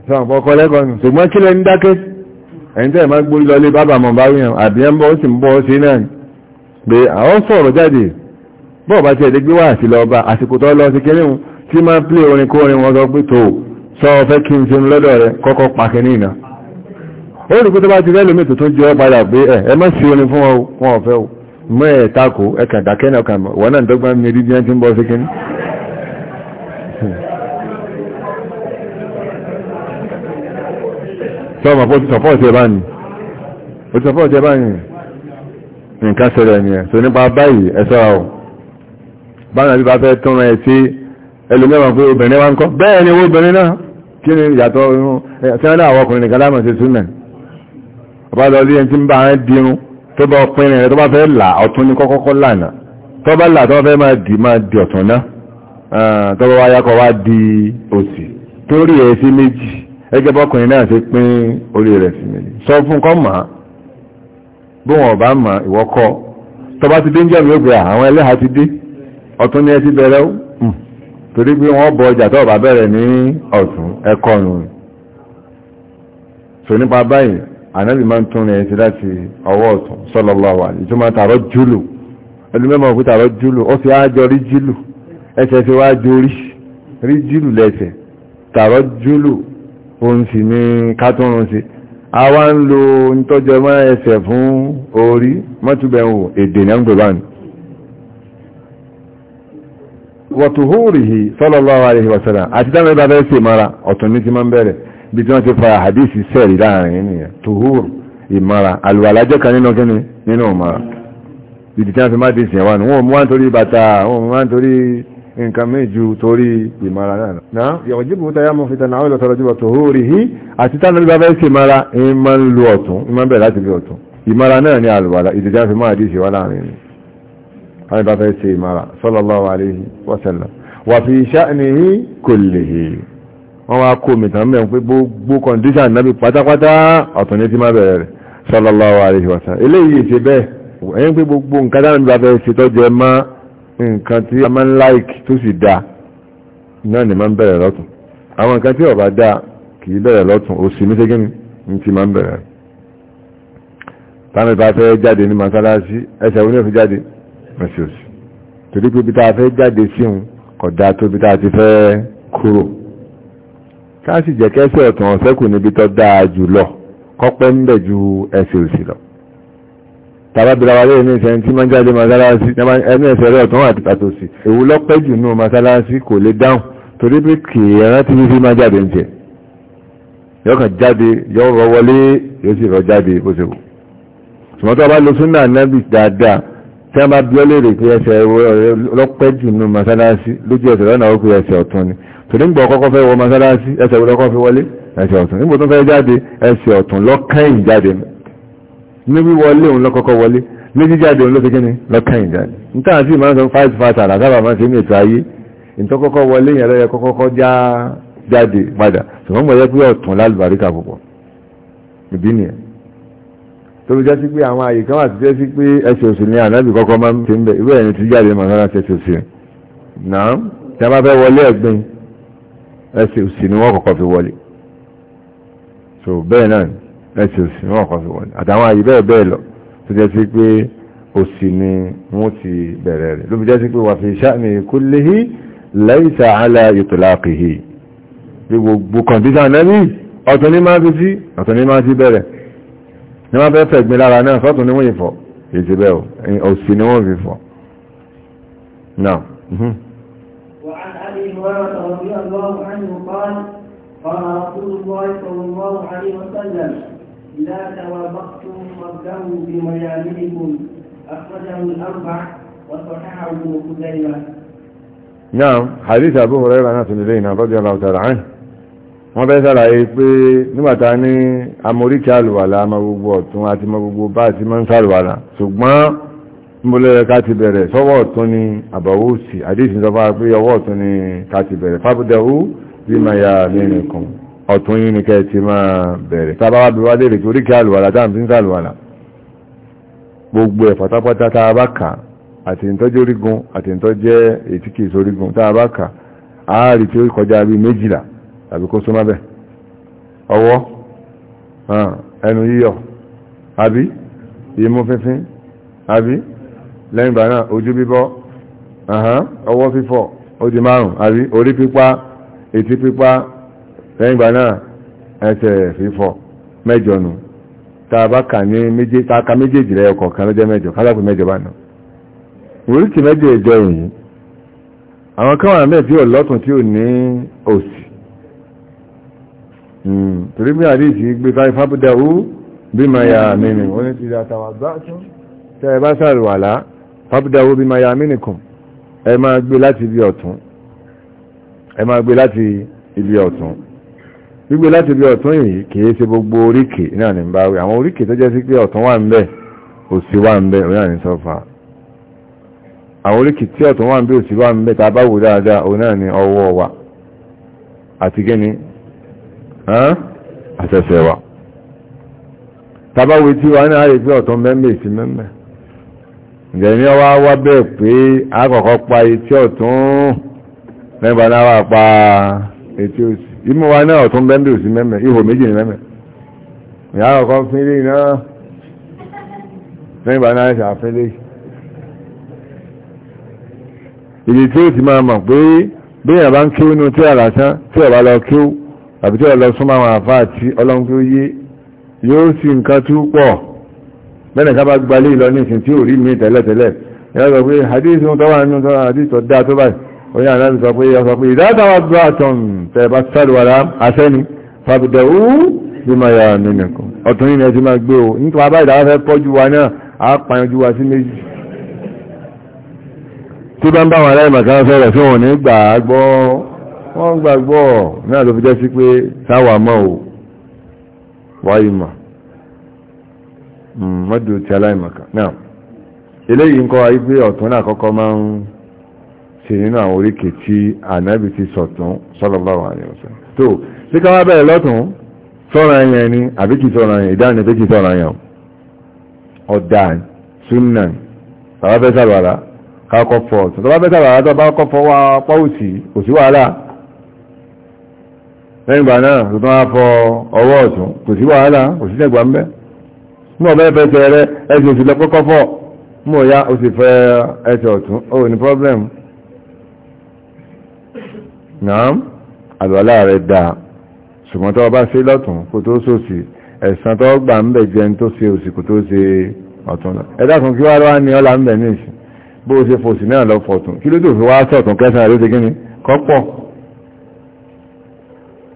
sọ̀rọ̀ ọkọ̀ lẹ́kọ̀ọ́ nù ṣùgbọ́n kí lẹ́ni dákẹ́ ẹni tẹ́ ẹ̀ máa gbórí lọlé bábà mọ̀ bá wíyàn àbí ẹ̀ ń bọ́ ó sì ń bọ́ sí náà pé àwọn sọ̀rọ̀ jáde bọ́ọ̀ bá ti ẹ̀dẹ́ gbé wá àti lọ bá àsìkò tó lọ sí kéré tí máa plé orin kó orin wọn sọ pé tó sọ fẹ́ kí n sinú lọ́dọ̀ rẹ kọ́kọ́ pa kìíní ìná ó rí pé tó bá ti rẹ́ lómi tuntun jẹ́ padà pé ẹ ẹ má sí orin fún wọn ọ̀fẹ́ o mọ́ ẹ̀ tako ẹ̀kà dákẹ́ náà kàn wọ́n náà dọ́gba mi rí bí wọ́n ti ń bọ́ sí kìíní tọ́ ma fọ́tí sọpọ́ọ̀tì ẹ̀bá ni ó sọpọ́ọ̀tì ẹ̀bá ni nǹkan ṣẹlẹ̀ ni ẹ̀ so nípa báyìí ẹ̀ṣọ́ ọ̀ báyìí àbí bá fẹ́ tọ́rọ ẹ̀ sí ẹlòmẹ́wàá pé obìnrin wá ń kọ́ bẹ́ẹ̀ ni obìnrin náà kí ni ìyàtọ̀ irun tí wọ́n dáwọ́ ọkùnrin nìkan láàmú ṣe súnmẹ̀ ọba lọ rí ẹni tí ń bá ẹ dirun tó bá ọpinrin rẹ tó bá fẹ́ là ọ̀tún ní kọ́kọ́kọ́ lànà tó bá là tó bá fẹ́ máa di máa di ọ̀tún náà tó bá wáyá kọ́ wá di òsì torí ẹ̀ sí méjì ẹgẹ́ bọ́kùnrin náà ti pín orí rẹ̀ sí mi sọ fún kọ́ mà á bó wọn bá mà ìwọ kọ́ tọba ti dé ń jẹ́ mi ó gbé àwọn ẹlẹ́ha ti dé ọ̀tún ni ẹ ti bẹ̀rẹ̀ ó hmm. torí pé wọ́n bọ ọjà tọ́ọ̀bá bẹ̀rẹ̀ ní ọ̀tún ẹ̀kọ́ nù sọ nípa báyìí ànábì máa ń tún rẹ̀ ti láti ọwọ́ ọ̀tún sallallahu ìtumọ̀ tààrọ́ júlù òun si ni kátọ́run sí àwa ń lo ìtọ́jọ mọ́ fun ori orí mọ́túbẹ̀ wò èdè náà ń pè báyìí wọ̀tùhúrìhì sallallahu alaihi wasallam àti dáwọn ẹgbẹ́ abẹ́rẹ́ sí ìmara ti ma n fa hadisi sẹ́ẹ̀rì láàrin ènìyàn tuhur ìmara àlùwàlájẹ́ kan nínú kíni nínú ìmara ìdí tí wọ́n fi má dì sí ẹ̀wà nù wọ́n n tori nǹkan méjì torí ìmara náà náà yàwó jíbù tó yá mọ́ fi tẹ̀lé àwọn ìlọ́tọ̀rọ̀ jíbù tó hóòrì hí àti tánà bíbá bẹ́ẹ̀ sí ìmara ń máa ń lo ọ̀tún ń máa ń bẹ̀rẹ̀ láti lo ọ̀tún ìmara náà ni àlùwàlà ìdíjà fi máa dìṣe wá láàrin ni àwọn ìbá bẹ́ẹ̀ sí ìmara sallallahu alaihi wasallam wà fi sha'nihi kullihi wọ́n wá kó mi tàn mẹ́rin pé gbogbo kọ̀ndíṣàn náà bí pátápátá ọ̀tún ní ti máa bẹ̀rẹ̀ rẹ̀ sallallahu alaihi wasallam eléyìí ṣe bẹ́ẹ̀ ẹ̀yìn pé gbogbo nǹkan dáná bí wàá fẹ́ ṣe tọ́jú ẹ máa nǹkan tí a máa ń láìkì tó sì dáa náà ni máa ń bẹ̀rẹ̀ lọ́tún àwọn nǹkan tí ọ̀bá dáa kì í bẹ̀rẹ̀ lọ́tún ó sì níṣẹ́ gíní ní ti máa ń bẹ̀rẹ̀ táwọn ìbá fẹ́ jáde ní masalasi ẹsẹ̀ oní òfin jáde mẹ́sì òsì torí pé bí tá a fẹ́ jáde sí òun kò dáa tó bí tá a ti fẹ́ kúrò ká sì jẹ́ kẹ́sẹ̀ ọ̀tún ọ̀sẹ́kù níbi tó dáa jù lọ kọ́pẹ́ ń bẹ̀ ju ẹsẹ̀ òsì lọ tàbá bìrà wa lẹ́yìn níṣẹ́ tí máa ń jáde masalasi ẹni ẹsẹ̀ rẹ̀ ọ̀tún àti pàtòsí èwo lọ́pẹ́ jù nù masalasi kò lè dáhùn torí pé kì í ẹran tí fífi máa jáde ń jẹ yọkàn jáde yọ rọ wọlé yóò sì rọ jáde bó ṣe wù ṣùgbọ́n tó bá lo súnà nábì dáadáa tí a bá bí ọ pé ẹsẹ̀ lọ́pẹ́ jù nù masalasi lójú ẹsẹ̀ lọ́nà ó pé ẹsẹ̀ ọ̀tún ni torí ń gbọ́ kọ́kọ́ fẹ́ wọ ní wíwọlé òun lọ́kọ́kọ́ wọlé ní jíjáde òun ló fi kíni lọ́kàn ìjáde níta àti ìmọ̀ sọ five five àlà sábà máa ṣe ní ètò ayé ìtọ́kọ́kọ́ wọlé yẹn lọ́yẹ kọ́kọ́kọ́ já jáde padà ṣùgbọ́n mo yẹ pé ọ̀tún lálùbáríkà púpọ̀ ìbí nìyẹn tó fi ni ànábì kọ́kọ́ máa ń ṣe ń bẹ̀ ìwé ẹ̀yìn tí jáde máa sára ṣẹṣẹ̀ òsì náà tí a bá ni wọ́n kọ́kọ́ fi wọlé so bẹ́ẹ̀ ẹ̀sìn òsì wọn kọ́ sí wọlé àtàwọn àyè bẹ́ẹ̀ bẹ́ẹ̀ lọ tó jẹ́ sí pé òsì ni wọ́n ti bẹ̀rẹ̀ rẹ̀ ló fi jẹ́ sí pé wà fi ṣáàmì kullihi laysa ala itlaqihi bí gbogbo kọ̀ǹpútà nẹ́bí ọ̀tún ní máa fi sí ọ̀tún ní máa ti bẹ̀rẹ̀ ní wọ́n fẹ́ fẹ̀gbin lára náà sọ́tún ní wọ́n ìfọ̀ èsì bẹ́ẹ̀ òsì ni wọ́n fi fọ̀ قال رسول الله صلى الله عليه وسلم لا توافقتم وابدأوا بميامنكم أخرجه الأربع وصححه ابن خزيمة نعم حديث أبو هريرة ناس إلينا رضي الله تعالى عنه wọ́n bẹ́ sàlàyé pé nígbàtà ní amoríkì àlùwàlá ma gbogbo ọ̀tún àti ma gbogbo bá àti ma ń sàlùwàlá ṣùgbọ́n múlẹ̀ ká ti bẹ̀rẹ̀ sọ́wọ́ ọ̀tún ni àbọ̀wọ́ òsì àdíṣìí sọ pé ọwọ́ ọ̀tún ni ká bẹ̀rẹ̀ fábúdẹ̀wú bí ma ya mẹ́rin kan ọ̀tún yín ni kẹ́ẹ̀ ti máa bẹ̀rẹ̀ tá a bá wá bí wá lè rètí oríkì àlùwàlà tá à ń fi ń sàlùwàlà gbogbo ẹ̀ pátápátá tá a bá kà àti ìtọ́jú orígun àti ìtọ́jú ètí kìí sorígun tá a bá kà á rí tí ó kọjá bí méjìlá tàbí kó súnmọ́ bẹ́ẹ̀ ọwọ́ ẹnu yíyọ àbí imú fínfín àbí lẹ́yìn ìgbà náà ojú bíbọ́ ọwọ́ fífọ́ ó di márùn-ún àbí orí pípa ètí pípa lẹ́yìn ìgbà náà ẹsẹ̀ fífọ́ mẹ́jọ nù tá a bá kà ní méje tá a ka méjèèjì rẹ̀ ọkọ̀ kan lọ́jọ́ mẹ́jọ kálápù mẹ́jọ bá nà oríṣi mẹ́jọ ìjọ yìí àwọn kan wà mẹ́ẹ̀ tí tí ò ní òsì hmm, torí bí àdíjì gbé fáyé fábúdáwú bí ma ya mẹ́ni wọ́n ní ti àtàwà bá tún tẹ́ ẹ bá sàrùwàlá fábúdáwú bí ma ya mẹ́ni kùn ẹ máa gbé láti ibi ọ̀tún ẹ máa gbé láti ibi ọ̀tún gbígbé láti bí ọ̀tún yìí kìí ṣe gbogbo oríkè náà ní bá wí àwọn oríkè tó jẹ́ sí pé ọ̀tún wà ń bẹ̀ òsì wà ń bẹ̀ òun ní sọ́fà àwọn oríkè tí ọ̀tún wà ń bẹ̀ òsì wà ń bẹ̀ tàbá wò dáadáa òun náà ní ọwọ́ wa àti gẹ́ni àtẹ̀sẹ̀ wa tàbá wò tí wa náà rí pé ọ̀tún mẹ́mẹ́ sí mẹ́mẹ́ ǹjẹ́ ní ọwọ́ wá bẹ́ẹ̀ pé àkọ́kọ́ pa etí ọ̀tún mẹ́bàá náà pa etí òsì ìmú wa náà ọ̀tún bẹ́ńdì òsì mẹ́mẹ́ ihò méjì ní mẹ́mẹ́ ìyá ọkọ̀ fínlé náà lẹ́yìn bá náà ṣàfínlé ìdí tí ó ti máa mọ̀ pé béèyàn bá ń kí inú tí àlàsán tí ọ̀bá lọ kí àbí tí ọ̀lọ súnmọ́ àwọn àfá àti ọlọ́run tó yé yóò sì nǹkan tú pọ̀ bẹ́ẹ̀ ká bá gbalé ìlọ ní ìsìn tí ò rí mi tẹ́lẹ̀tẹ́lẹ̀ ìyá sọ pé hadith tó wà nínú tó wà hadith tó dáa tó báyìí Oya ànábì sọ pé ọsọ pé ìdátàwà bratton tẹ̀bá sálùwàlá àṣẹ́ni fàbìdẹ̀wú bí ma yà nínú ọ̀tún ní ẹ̀tí máa gbé o nítorí abá ìdáwà fẹ́ pọ́jú wa náà a pàyànjú wa sí méjì tí bá ń bá wọn aláìmọ̀ kan fẹ́rẹ̀ fún wọn ní gbàgbọ́ wọ́n gbàgbọ́ náà ló fi jẹ́ sí pé sáwà mọ́ o ṣe nínú àwọn oríkè tí ànábì ti sọ̀tún sallallahu alaihi wasallam tó tí ká wá bẹ̀rẹ̀ lọ́tún sọ́ra yẹn ni àbí kì sọ́ra yẹn ìdáhùn pé kì sọ́ra yẹn ọ̀dà súnà tàbá fẹ́ sàbàrà kákọ́ fọ́ ọ̀tún tàbá fẹ́ sàbàrà tó bá kọ́ fọ́ wá pọ́ òsì kò sí wàhálà lẹ́yìn ìgbà náà tó tán á fọ ọwọ́ ọ̀tún kò sí wàhálà kò sí ẹgbà ń bẹ́ mú fẹ́ tẹ̀ rẹ òsì lọ kọ́kọ́ fọ́ mú ọ̀yá òsì fẹ́ ẹsẹ̀ ọ̀tún ó ní pọ́blẹ́mù naam àlọ́lá rẹ̀ dáa ṣùgbọ́n tó bá ṣe lọ́tún kò tó sósì ẹ̀san tó gbà ń bẹ̀ jẹun tó ṣe òsì kò tó ṣe ọ̀tún lọ ẹ̀dàkùn kí wá ní ọlá ń bẹ̀ ní ìsìn bó ṣe fòsì náà lọ fọ̀tún kí ló tó fi wá sọ̀tún kẹsàn àríwá ṣe kíni kọ́pọ̀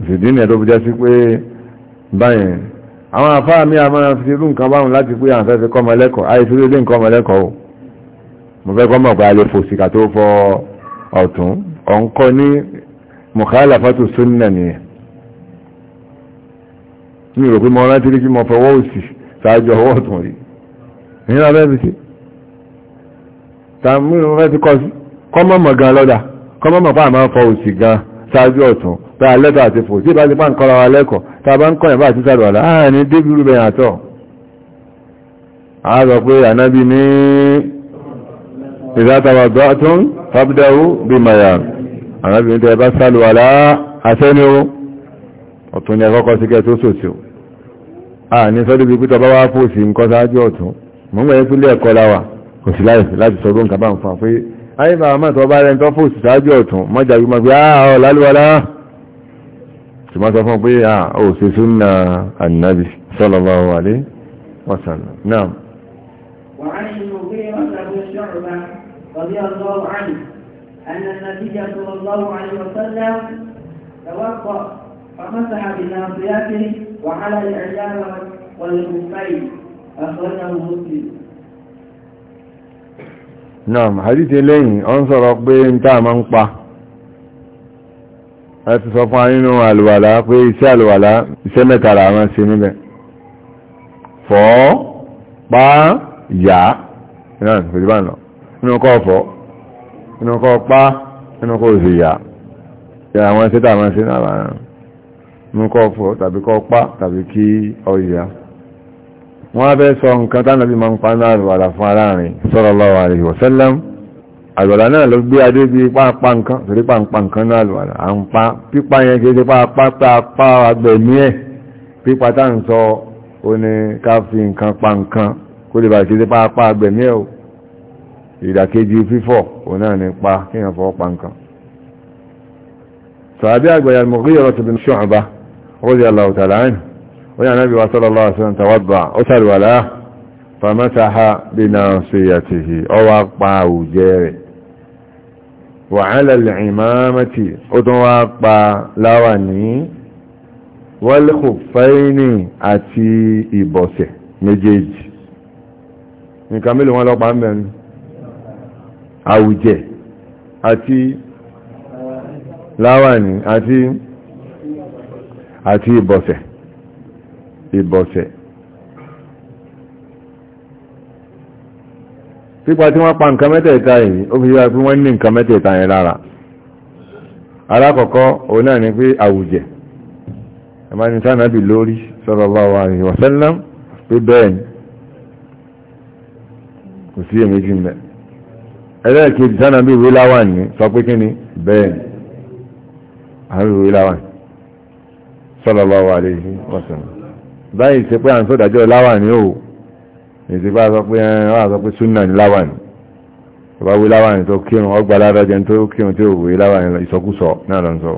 ìṣèdí ni ẹ̀dọ́ bójá sí pé báyẹn àwọn afárá mi àmọ́ fi irú nǹkan báwọn láti pé àwọn afẹ́fẹ́ kọ́mọ ẹlẹ́kọ̀ọ́ àìsí ló dé nǹkan ọmọ ẹlẹ́kọ̀ọ́ o mo fẹ́ kọ́mọ̀ pé a lè fòsì kà tó fọ ọ̀tún ọ̀nkọ́ ní mukhalafatu súnnà nìyẹn ní ìrò pé mọ́ rántí rí kí mọ́ fọwọ́ òsì sáájú ọwọ́ ọ̀tún rí ní ọ̀rẹ́ bí sí tàbí mọ́ fẹ́ ti kọ́ sí kọ́mọ́mọ̀ gan lọ́dà kọ́mọ́mọ̀ fà máa fọ òsì gan sáájú ọ̀tún tá a lẹ́tọ̀ àti fò tí ìbá ti bá ń kọ́ra lẹ́kọ̀ọ́ tá bá ń kọ́yìn bá àti sàdọ̀ àlá àní débìrú bẹ̀yàn àtọ̀ a pé ànábì ní ìdátàwà bí mayàrù àrábìnrin tẹ́ bá sálù àlá asẹ́ni ó ọ̀tún ni ẹ̀kọ́kọ́ sí kẹ́ẹ̀ tó sòsì ó a ní sọ́dún bí pítọ̀ bá wá pòsì nǹkan sáájú ọ̀tún mọ́ mẹ́rin tó lé ẹ̀kọ́ láwà kò sí láìsí láti sọ lóǹkà bá ń fa pé ayé bàbá mọ́ tọ́ bá rẹ̀ tó fòsì sáájú ọ̀tún mọ́jà yìí mọ́ رضي الله عنه أن النبي صلى الله عليه وسلم توضأ فمسح بناصيته وعلى العلام والكفين أخرجه مسلم naam hadithi lẹ́yìn ọ ń sọ̀rọ̀ pé ń tàà máa ń pa a ti sọ fún a nínú àlùwàlá pé iṣẹ́ àlùwàlá iṣẹ́ mẹ́ta là máa ṣe níbẹ̀ fọ́ pa yà náà kò sí bá ń lọ nínú kọ́ fọ́ inú kọ́ pa inú kọ́ òsì yà yà àwọn ẹsẹ́ tàbí ẹsẹ́ náà rárá inú kọ́ fọ́ tàbí kọ́ pa tàbí kí ọ̀yà wọ́n á fẹ́ sọ nǹkan tánàbí máa ń pa náà àlùwàlà fún aláàrin sallallahu alaihi wasallam àlùwàlà náà ló gbé adé bí pápá nǹkan torí pápá nǹkan náà àlùwàlà à ń pa pípa yẹn kì ṣe pápá pápá agbẹ̀mí ẹ̀ pípa tá ń sọ ó ní ká fi nǹkan pa nǹkan kó lè bàjẹ́ pápá agbẹ̀mí ẹ̀ o ìdàkejì fífọ́ òun náà ní pa kí èèyàn fọ́ pa nǹkan sàbí àgbàyà Mughirah bin Shu'bah radiyallahu ta'ala anhu ó yà nábi wa sallallahu alaihi wasallam tàwàbà ó sàrìwàlá fàmátàhà bí náà sí yàtìhì ó wá pa òjẹ́ rẹ̀ wà álàlẹ̀ ìmáàmàtì ó tún wá pa láwà ní wọ́lẹ́kùfẹ́ẹ́nì àti ìbọ̀sẹ̀ méjèèjì nǹkan mélòó wọn lọ́pàá mẹ́rin àwùjẹ àti láwàní àti àti ìbọ̀sẹ̀ ìbọ̀sẹ̀ pípa tí wọ́n pa nǹkan mẹ́tẹ̀ẹ̀ta yìí ó fi yára pé wọ́n ní nǹkan mẹ́tẹ̀ẹ̀ta yẹn lára alákọ̀ọ́kọ́ òun náà ni pé àwùjẹ ẹ̀má ni sánàbì lórí sallallahu alaihi wasallam pé bẹ́ẹ̀ ni kò sí èméjì mẹ́rin ẹlẹ́ẹ̀kejì tánà bí ìwé láwà ní sọ pé kí ni bẹ́ẹ̀ àwọn ìwé láwà sallallahu alayhi wa sallam báyìí ṣe pé à ń sọ́dájọ́ láwà ní òwò ìsìnkú àsọ pé ẹ̀rọ àsọ pé súnà ní láwà ní ọba wí láwà ní tó kírun ọgbà ládájẹ tó kírun tí òwò láwà ní ìsọkúsọ náà lọ sọ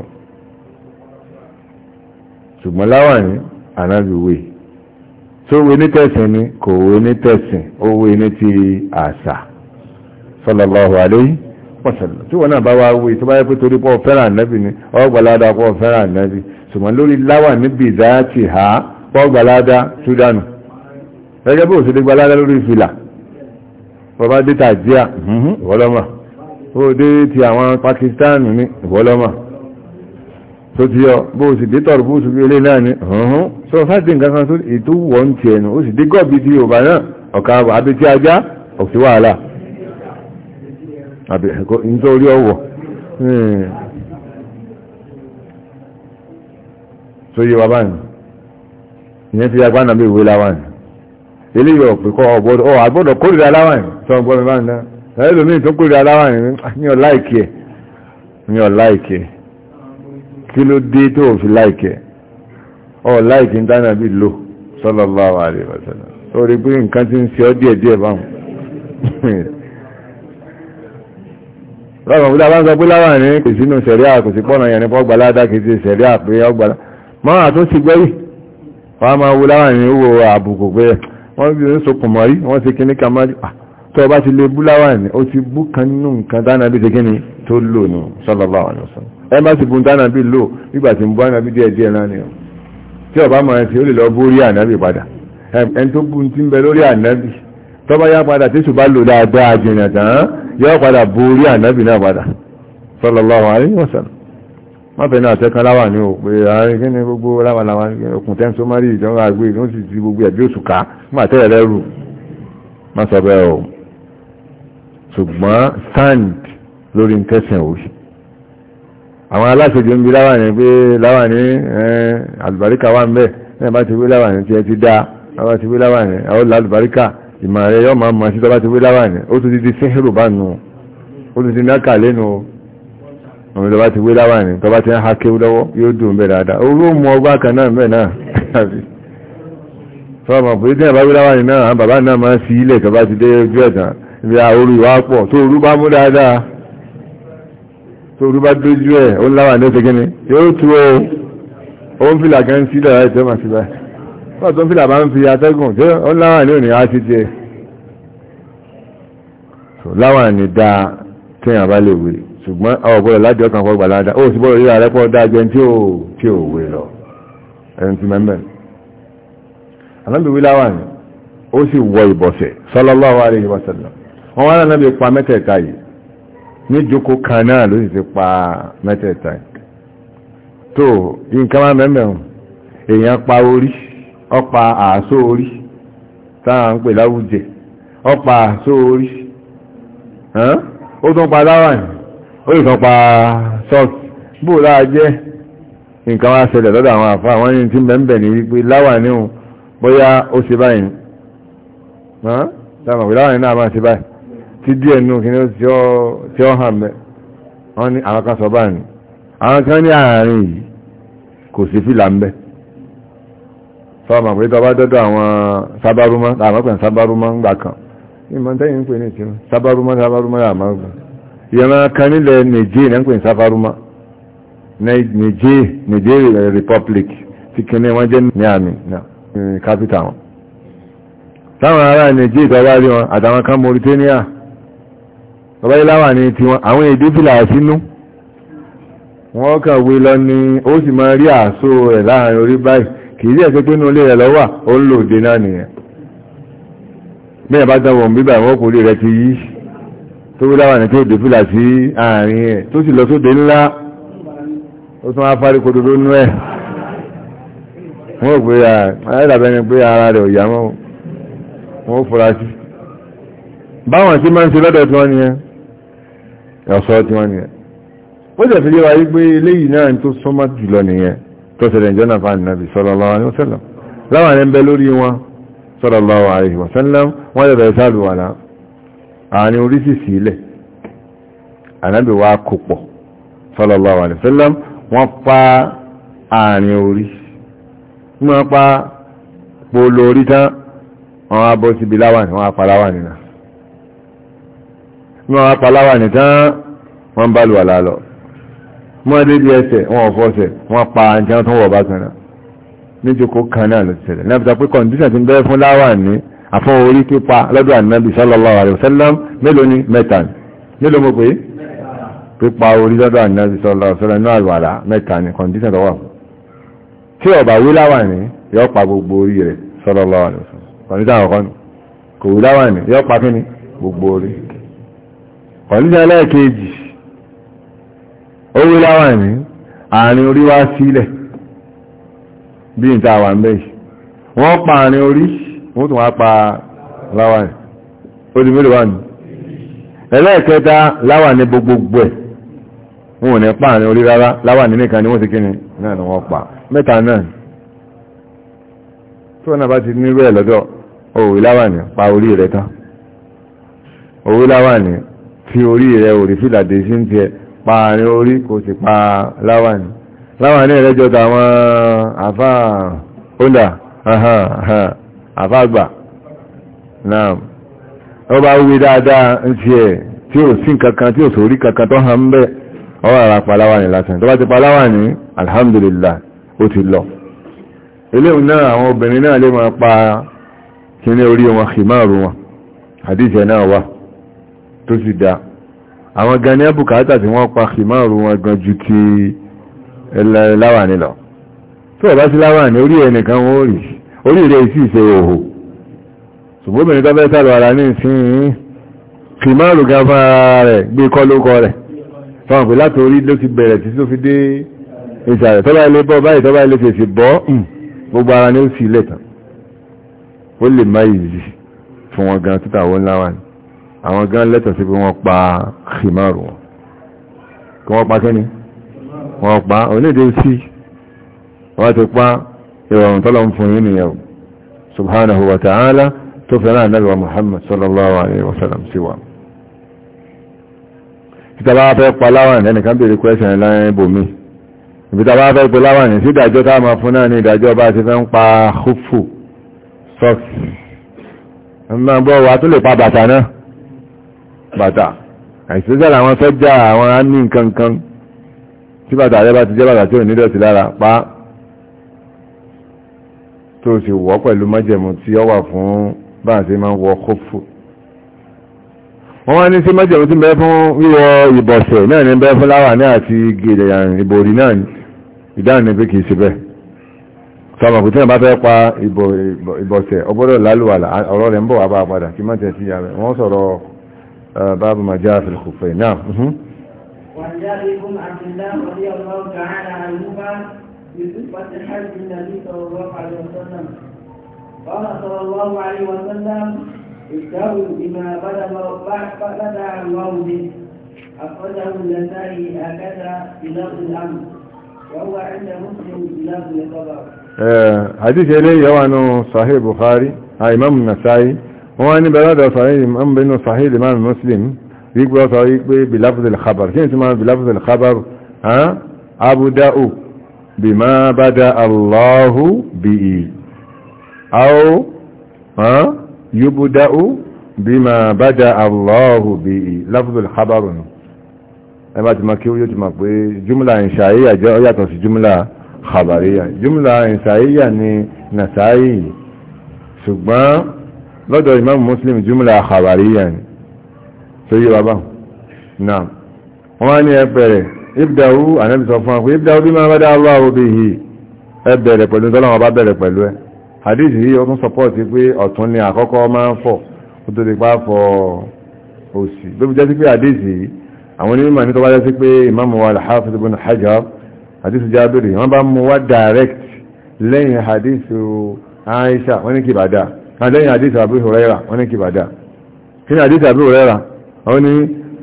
ṣùgbọ́n láwà ní ànábìwé tó wé ní tẹ̀sìn ni kò wé ní tẹ̀sìn ó wé ní ti àṣà sallallahu alayhi wa sallam tí wọ́n náà bá wá wí tó bá yẹ pé torí pọ́ fẹ́ràn nẹ́bì ni ọgbàládà pọ́ fẹ́ràn nẹ́bì ṣùgbọ́n lórí láwà níbi ìdáyàtì ha pọ́gbàládà túdánù gẹ́gẹ́ bí òṣèlú gbaládà lórí fìlà bọ́bá dé tàjíà ìwọ́lọ́mà ó dé ti àwọn Pakistan ní ìwọ́lọ́mà tó ti yọ bó sì dé tọ̀rọ̀ bó sì fi ilé náà ní ọ̀hún sọ fásitì nǹkan kan tó ètò wọ́n ti ẹnu ó sì dé gọ́ọ̀bì ti Yorùbá náà ọ̀ka àbí ti ajá òsì wàhálà àbí nítorí ọwọ́ tó hmm. yé wa báyìí ìyẹn ti agbá nàbí ìwé láwáyìn eléyìí ọ̀pẹ̀ kọ́ ọ̀bọ̀dọ̀ ọ̀ àgbọ̀dọ̀ kórìíra láwáyìn tó ń gbọ́ mi bá ń dá ẹ̀rọ mi tó kórìíra láwáyìn ní ọ̀ láìkẹ́ ní ọ̀ láìkẹ́ kí ló dé tó ò fi láìkẹ́ ọ̀ láìkẹ́ ń dáná bí lò sallallahu alaihi wasallam ó rí pé nǹkan ti ń ṣe ọ́ díẹ̀díẹ̀ báwọn lọ́gbọ̀n búdá bá ń sọ pé láwà ní kò sínú sẹ̀ríà kò sí pọ́nà yẹn ní pọ́gbà ládá kì í ṣe sẹ̀ríà pé ọgbà máa tún sí gbẹ́yì wọ́n a máa wo láwà ní wo àbùkù pé wọ́n fi ń sokùn mọ́ rí wọ́n ti kíní kan máa tó ọba ti lè bú láwà ní ó ti bú kan nínú nǹkan dáná bí ti kíní tó lò nù sallallahu alaihi wasallam ẹ tọ́bá yá padà tí ṣùgbá lò dáadáa jìnà tán yọ́ padà borí ànábì náà padà sallallahu alaihi wasallam mọ́fẹ́ náà tẹ́kan láwà ní òpè àárín kí ní gbogbo láwàláwà okùn tẹ́ sómárì ìjọba àgbé tó sì ti gbogbo ẹ̀bí òṣùká má tẹ́rẹ̀ lẹ́rù má sọ bẹ́ẹ̀ o ṣùgbọ́n stand lórí tẹ́sán òṣì àwọn aláṣejù ń bi láwà pé láwà àlùbáríkà wà ń bẹ̀ bá ti wí láwà ní tiẹ̀ ti dá bá ti wí láwà àwọn làlùbáríkà ìmọ̀ rẹ̀ yọ́ máa mọ̀ sí tọ́bá ti wé láwàní ó tún ti di sẹ́hìrù bá nù ó tún ti náka lẹ́nu òun tọ́bá ti wé láwàní tọ́bá ti ń ha kéwú lọ́wọ́ yóò dùn bẹ̀ dáadáa orú mú ọgbà kan náà mẹ́ náà fọ́ọ̀mọ̀ pé tí ìyàbá wé láwàní náà bàbá náà máa ń fi ilẹ̀ tọ́bá ti dé ojú ẹ̀tàn ibi àorú ìwà pọ̀ tó orú bá mú dáadáa tó orú bá dójú ẹ̀ bá tó ń fìlà bá ń fi atẹ́gùn jẹ́ ó láwà ní òní àti jẹ́ láwà ní dáa tí èèyàn bá lè wé ṣùgbọ́n ọ̀bọ̀lọ̀ lájọ́ kan fọ́gbà ládá ó sì bọ́lọ̀ rírà rẹ́pọ̀ dájẹ́ tí ò wé lọ ẹni ti mẹ́mẹ́ alábìwí láwà ní ó sì wọ ìbọ̀sẹ̀ sallallahu alaihi wasallam wọn wá náà bí pa mẹ́tẹ̀ẹ̀ta yìí ní jókòó kan náà ló sì ti pa mẹ́tẹ̀ẹ̀ta yìí tó nǹkan máa mẹ́mẹ́ èèyàn pa orí ọpa àásó orí táà ń pè láwùjẹ ọpa àásó orí ó tún pa láwàní ó lè tún pa sọ́ọ̀tì bó láà jẹ́ nǹkan wá ṣẹlẹ̀ lọ́dọ̀ àwọn àfá àwọn yìí tí mẹ́mbẹ̀ ní wípé láwàní ò bóyá ó ṣe báyìí táwọn òwe láwàní náà máa ṣe báyìí tí díẹ̀ nù kí ni ó ti ọ́ hàn ní àwọn kan sọ báyìí àwọn kan ní àárín yìí kò sí fìlà ń bẹ́ẹ̀ sọ́ọ̀mà pé tọba dọ́dọ̀ àwọn sábárúmọ́ àmọ́pẹ̀ sábárúmọ́ ń gbà kan ìmọ̀tẹ́yìn ń pè ní ìtìmọ̀ sábárúmọ́ sábárúmọ́ àmọ́gbà ìran kan nílẹ̀ Nigeria Republic ti kìíní wọ́n jẹ́ capital wọn táwọn ará Nigeria tọba rí wọn àtàwọn Mauritania tọba iláwà ní tiwọn àwọn èdè fìlà sínú wọ́n kàn wí lọ ní ó sì máa rí àṣọ rẹ̀ láàrin orí báyìí kìí jẹ́ pé pínú ilé rẹ̀ lọ́wà ó ń lò dé náà nìyẹn bí ẹ̀ bá dáwọ̀ bíbà ìwọ́n kò rí rẹ̀ ti yí tó wí láwà ní tó dé fìlà sí àárín ẹ̀ tó sì lọ sóde ńlá ó tún afárí kododo nú ẹ̀ wọ́n ò pé ẹ̀dàbẹ́ni pé ara rẹ̀ ò yá mọ́ wọ́n fura sí báwọn tí máa ń ṣe lọ́dọ̀ tí wọ́n ni ẹ tí wọ́n ni ó jẹ́ fi lé wa yí pé eléyìí náà tó súnmọ́ jùlọ nìyẹn tó ṣẹlẹ̀ jọ́nà fún ànàbì sallallahu alaihi wasallam láwọn ẹni bẹ lórí wọn sallallahu alaihi wasallam wọ́n lè bẹ̀rẹ̀ sálùwàlá àárín orísìsì ilẹ̀ ànàbì wa kò pọ̀ sallallahu alaihi wasallam wọ́n pa àárín orí wọ́n pa polo orí tán wọ́n á bọ́ bá lùwàlá lọ mọ́ débi ẹsẹ̀ wọn ò fọ́sẹ̀ wọn pa àjẹ́ tó wọ̀ bá kanáà níjòkó kanáà ló ṣẹlẹ̀ náà pípa pé kọ̀ǹdíṣàn ti ń bẹ́ẹ̀ fún láwà ní àfọ́n orí pípa lọ́dọ̀ ànábì sallallahu alaihi wasallam mélòó ni mẹ́ta ni mélòó mo pé pípa orí lọ́dọ̀ ànábì sallallahu alaihi wasallam náà àlùwàlà mẹ́ta ni kọ̀ǹdíṣàn tó wà fún tí ọ̀bà wí láwà ní yọ pa gbogbo orí rẹ̀ owó láwà ní àárín orí wá sílẹ̀ bí n tàwà ń bẹ́ẹ̀ wọ́n pa àárín orí wọ́n tún wá pa láwà ní ó di mélòó wà ní ẹlẹ́ẹ̀kẹta láwà ní gbogbogbò ẹ̀ wọn ò ní pa àárín orí rárá láwà ní nìkan ni wọ́n ti kíni náà ni wọ́n pa mẹ́ta náà tí wọ́n náà bá ti nírú ẹ̀ lọ́dọ̀ òwe láwà ní pa orí rẹ̀ tán òwe láwà ní fi orí rẹ̀ òrí dé sí ń tiẹ̀ pa àrin orí kò sì pa láwàní láwàní ẹ̀rẹ́jọ́ tàwọn àfá ọ̀dà àfá àgbà náà ó bá wí dáadáa ń fi ẹ̀ tí ò sí kankan tí ò sórí kankan tó hàn bẹ́ ọwọ́ ara pa láwàní lásán tó bá ti pa láwàní alhamdulillah ó ti lọ eléhùn náà àwọn pa kíní orí wọn kìmáàrù wọn àdíjẹ náà wá tó sì dáa àwọn gan ní ẹbùkátà tí wọ́n pa kìmáàrù wọn gan ju ti láwàní lọ tó ọ̀bá sí láwàní orí ẹnìkan wọ́n rí orí rẹ̀ sì ṣe òhò ṣùgbọ́n tó fẹ́ sàrò ara ní ìsìn kìmáàrù gan fara rẹ̀ gbé kọ́ lókọ rẹ̀ fọ́n pé láti orí ló ti bẹ̀rẹ̀ títí tó fi dé fún wọn gan títàwọn láwàní àwọn gan lẹ́tọ̀ sí pé wọ́n pa khimaru wọn kí wọ́n pa kẹ́ni wọ́n pa onídé sí wọ́n ti pa ìrọ̀rùn tọ́lọ ń fún yínú yau subhanahu wa ta'ala tó fẹ́ràn Ànábì wa Muhammad sallallahu alaihi wasallam sí wa ìtàbá fẹ́ pa láwọn ẹnìkan bèèrè kwẹ́sàn láyé bòmí ìbítàbá fẹ́ pa láwọn sí wa bàtà àìsíṣẹ́ làwọn fẹ́ já àwọn á ní nǹkan kan tí bàtà rẹ bá ti jẹ́ bàtà tí ò ní dọ̀tí lára pa tó sì wọ́ pẹ̀lú májẹ̀mú tí ó wà fún báǹsí máa ń wọ kófù wọ́n wá ní sí májẹ̀mú tí ń bẹ fún wíwọ ìbọ̀sẹ̀ náà ní bẹ fún láwà ní àti gèdè ìbòrí náà ìdáhùn ní pé kìí ṣe bẹ́ẹ̀ sọmọ kò tí wọ́n bá fẹ́ pa ìbọ̀sẹ̀ ọgbọ́dọ̀ lálùwàlà ọ̀rọ̀ rẹ̀ ń bọ̀ wá bá padà kí má tẹ̀ sí ìyá rẹ̀ wọ́n sọ̀rọ̀ آه، باب ما جاء في الخفين نعم وعن جابركم بن عبد الله رضي الله تعالى عنهما بصفة الحج النبي صلى الله عليه وسلم قال صلى الله عليه وسلم ابتغوا بما بدأ الله به أخرجه النسائي هكذا بلفظ الأمر وهو عند مسلم بلفظ الخبر آه، حديث إليه وأنه صحيح البخاري هاي آه، إمام النسائي wọ́n ní bẹ̀rẹ̀ ọ̀dọ̀ sàhíì mọ́ bínú sàhíì lè máa muslim wípé ọ̀sọ̀ wípé bilafzil khabar kí ni tí máa bilafzil khabar abudau bí máa bá dá allahu bí i aw yubudau bí máa bá dá allahu bí i lafzil khabar nù ẹ bá ti máa kí yóò ti máa pé jùmlà ìṣàíyà jẹ́ sí jùmlà khabariyà jùmlà ìṣàíyà ni nàṣàáyì ṣùgbọ́n lọ́dọ̀ imam muslim jùmùlà àkàbàríyà ni tó yí bàbá náà wọ́n ní ẹbẹ̀rẹ̀ ibda'u ànábì sọ fún akú ibda'u bima bada Allahu bihi ẹbẹ̀rẹ̀ pẹ̀lú tọ́lọ́wọ́ bá bẹ̀rẹ̀ pẹ̀lú ẹ hadith yìí ọdún sọpọ́ọ̀tì pé ọ̀tún ni àkọ́kọ́ máa ń fọ̀ ó tó ti pa fọ òsì ló fi jẹ́ sí pé hadith yìí àwọn onímọ̀ ní tó bá jẹ́ sí pé imam wa al-hafiz ibn hajar hadith jábìrì wọ́n bá aisha wọ́n ní kìbàdà àdẹ́yìn àdíta àbí hùrẹ́ra wọ́n ní kìbàdá kí ni àdíta àbí hùrẹ́ra wọ́n ní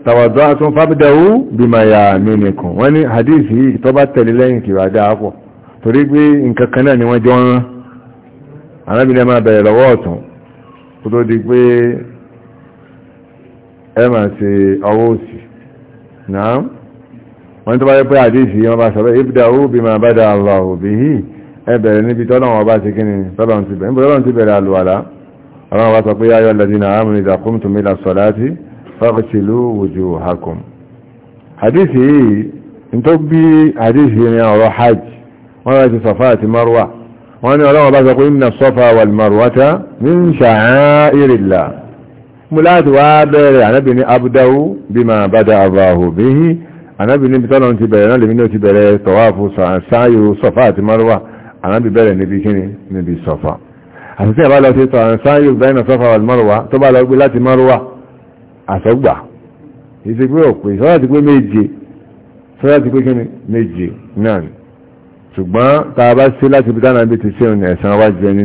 tàwàdọ́ tún fábídáwú bí ma yà mí nìkan wọ́n ní àdíta yìí tó bá tẹ̀lé lẹ́yìn kìbàdá pọ̀ torí pé náà ni wọ́n jọ rán arábìnrin di ẹbẹ̀rẹ̀ níbi tọ́lọ́wọ́ bá ti kí ni tọ́lọ́n ti bẹ̀rẹ̀ tọ́lọ́n ti bẹ̀rẹ̀ àlùwàlá ọlọ́wọ́ bá sọ pé yáyọ́ lẹ́dínà àmì ìdàkùn tó mílà sọ̀láti fọ́kùtìlú wùjú hakum hadith yìí n tó wá bẹ̀rẹ̀ ànábì ní abdáwú bima bada abahu bihi ànábì ní bitọ́lọ́n ti bẹ̀rẹ̀ náà lèmi ti bẹ̀rẹ̀ tọ́wáfù sáyò sọfá àti marwa ànábì bẹ̀rẹ̀ níbi kíni níbi sọ̀fà àti tí a bá lọ sí tọ̀rọ̀ sáyé ìbẹ̀rẹ̀ sọ́fà wà mọ́rùwá tó bá lọ gbé láti mọ́rùwá àtọ́gbà ìsì pé òpè sọ́dá ti pé méje sọ́dá ti pé kíni méje náà ni ṣùgbọ́n tá a bá sí láti bídá náà bí ti ṣe òní ẹ̀sán wá jẹ ẹni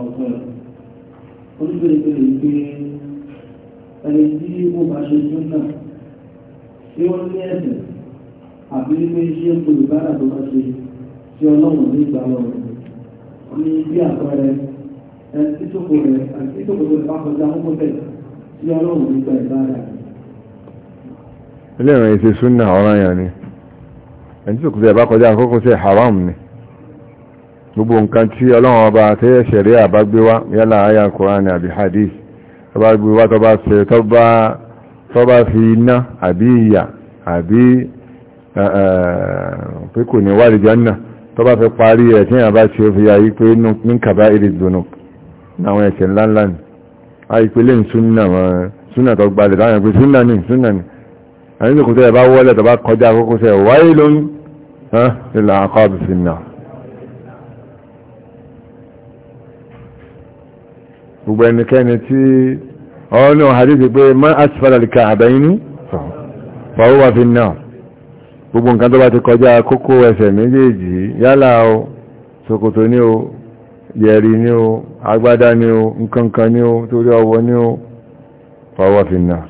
ọmọ ọgbọ́n rẹ̀ oníbèrèbèrè pé ẹni tí ó bá ṣe tún náà tí ó ní ẹ̀sẹ̀ àbí pé ṣé olùbárà tó bá ṣe tí ọlọ́run ní ìgbà lọ rẹ̀ ó ní bí àpẹẹrẹ ẹni tí tó kò rẹ̀ àti tí tó kò rẹ̀ bá kọjá ọmọ bẹ́ẹ̀ tí ọlọ́run ní ìgbà ìbára rẹ̀. ilé ìrìn ìṣesúnà ọ̀ranyàn ni ẹni tí kò fẹ́ bá kọjá àkókò sí haram ni gbogbo nǹkan tí ọlọ́run ọba tẹ́ ṣẹ̀rí àbágbé wá yálà àyà kòránì àbí hadith tọba gbé wá tọba ṣe tọba fi iná àbí ìyà àbí pé kò ní wàlì jọ́nà tọba fi parí ẹ̀ tí yàbá ṣe fi yàyí pé ní kàbá ìrì dùnú àwọn ẹ̀ṣẹ̀ ńláńlá ni a yí pé lẹ́yìn súnà súnà tó gbalẹ̀ láwọn gbogbo ẹnikẹ́ni tí ọ́nà àdíjì pé má asfàlàlìkà àbẹ́yìnú fàwọ́wà fi náà gbogbo nǹkan tó bá ti kọjá kókó ẹsẹ̀ méjèèjì yálà o ṣòkòtò ní o yẹ̀rì ní o agbádá ní o nkankan ní o torí ọwọ́ ní o fàwọ́wà fi náà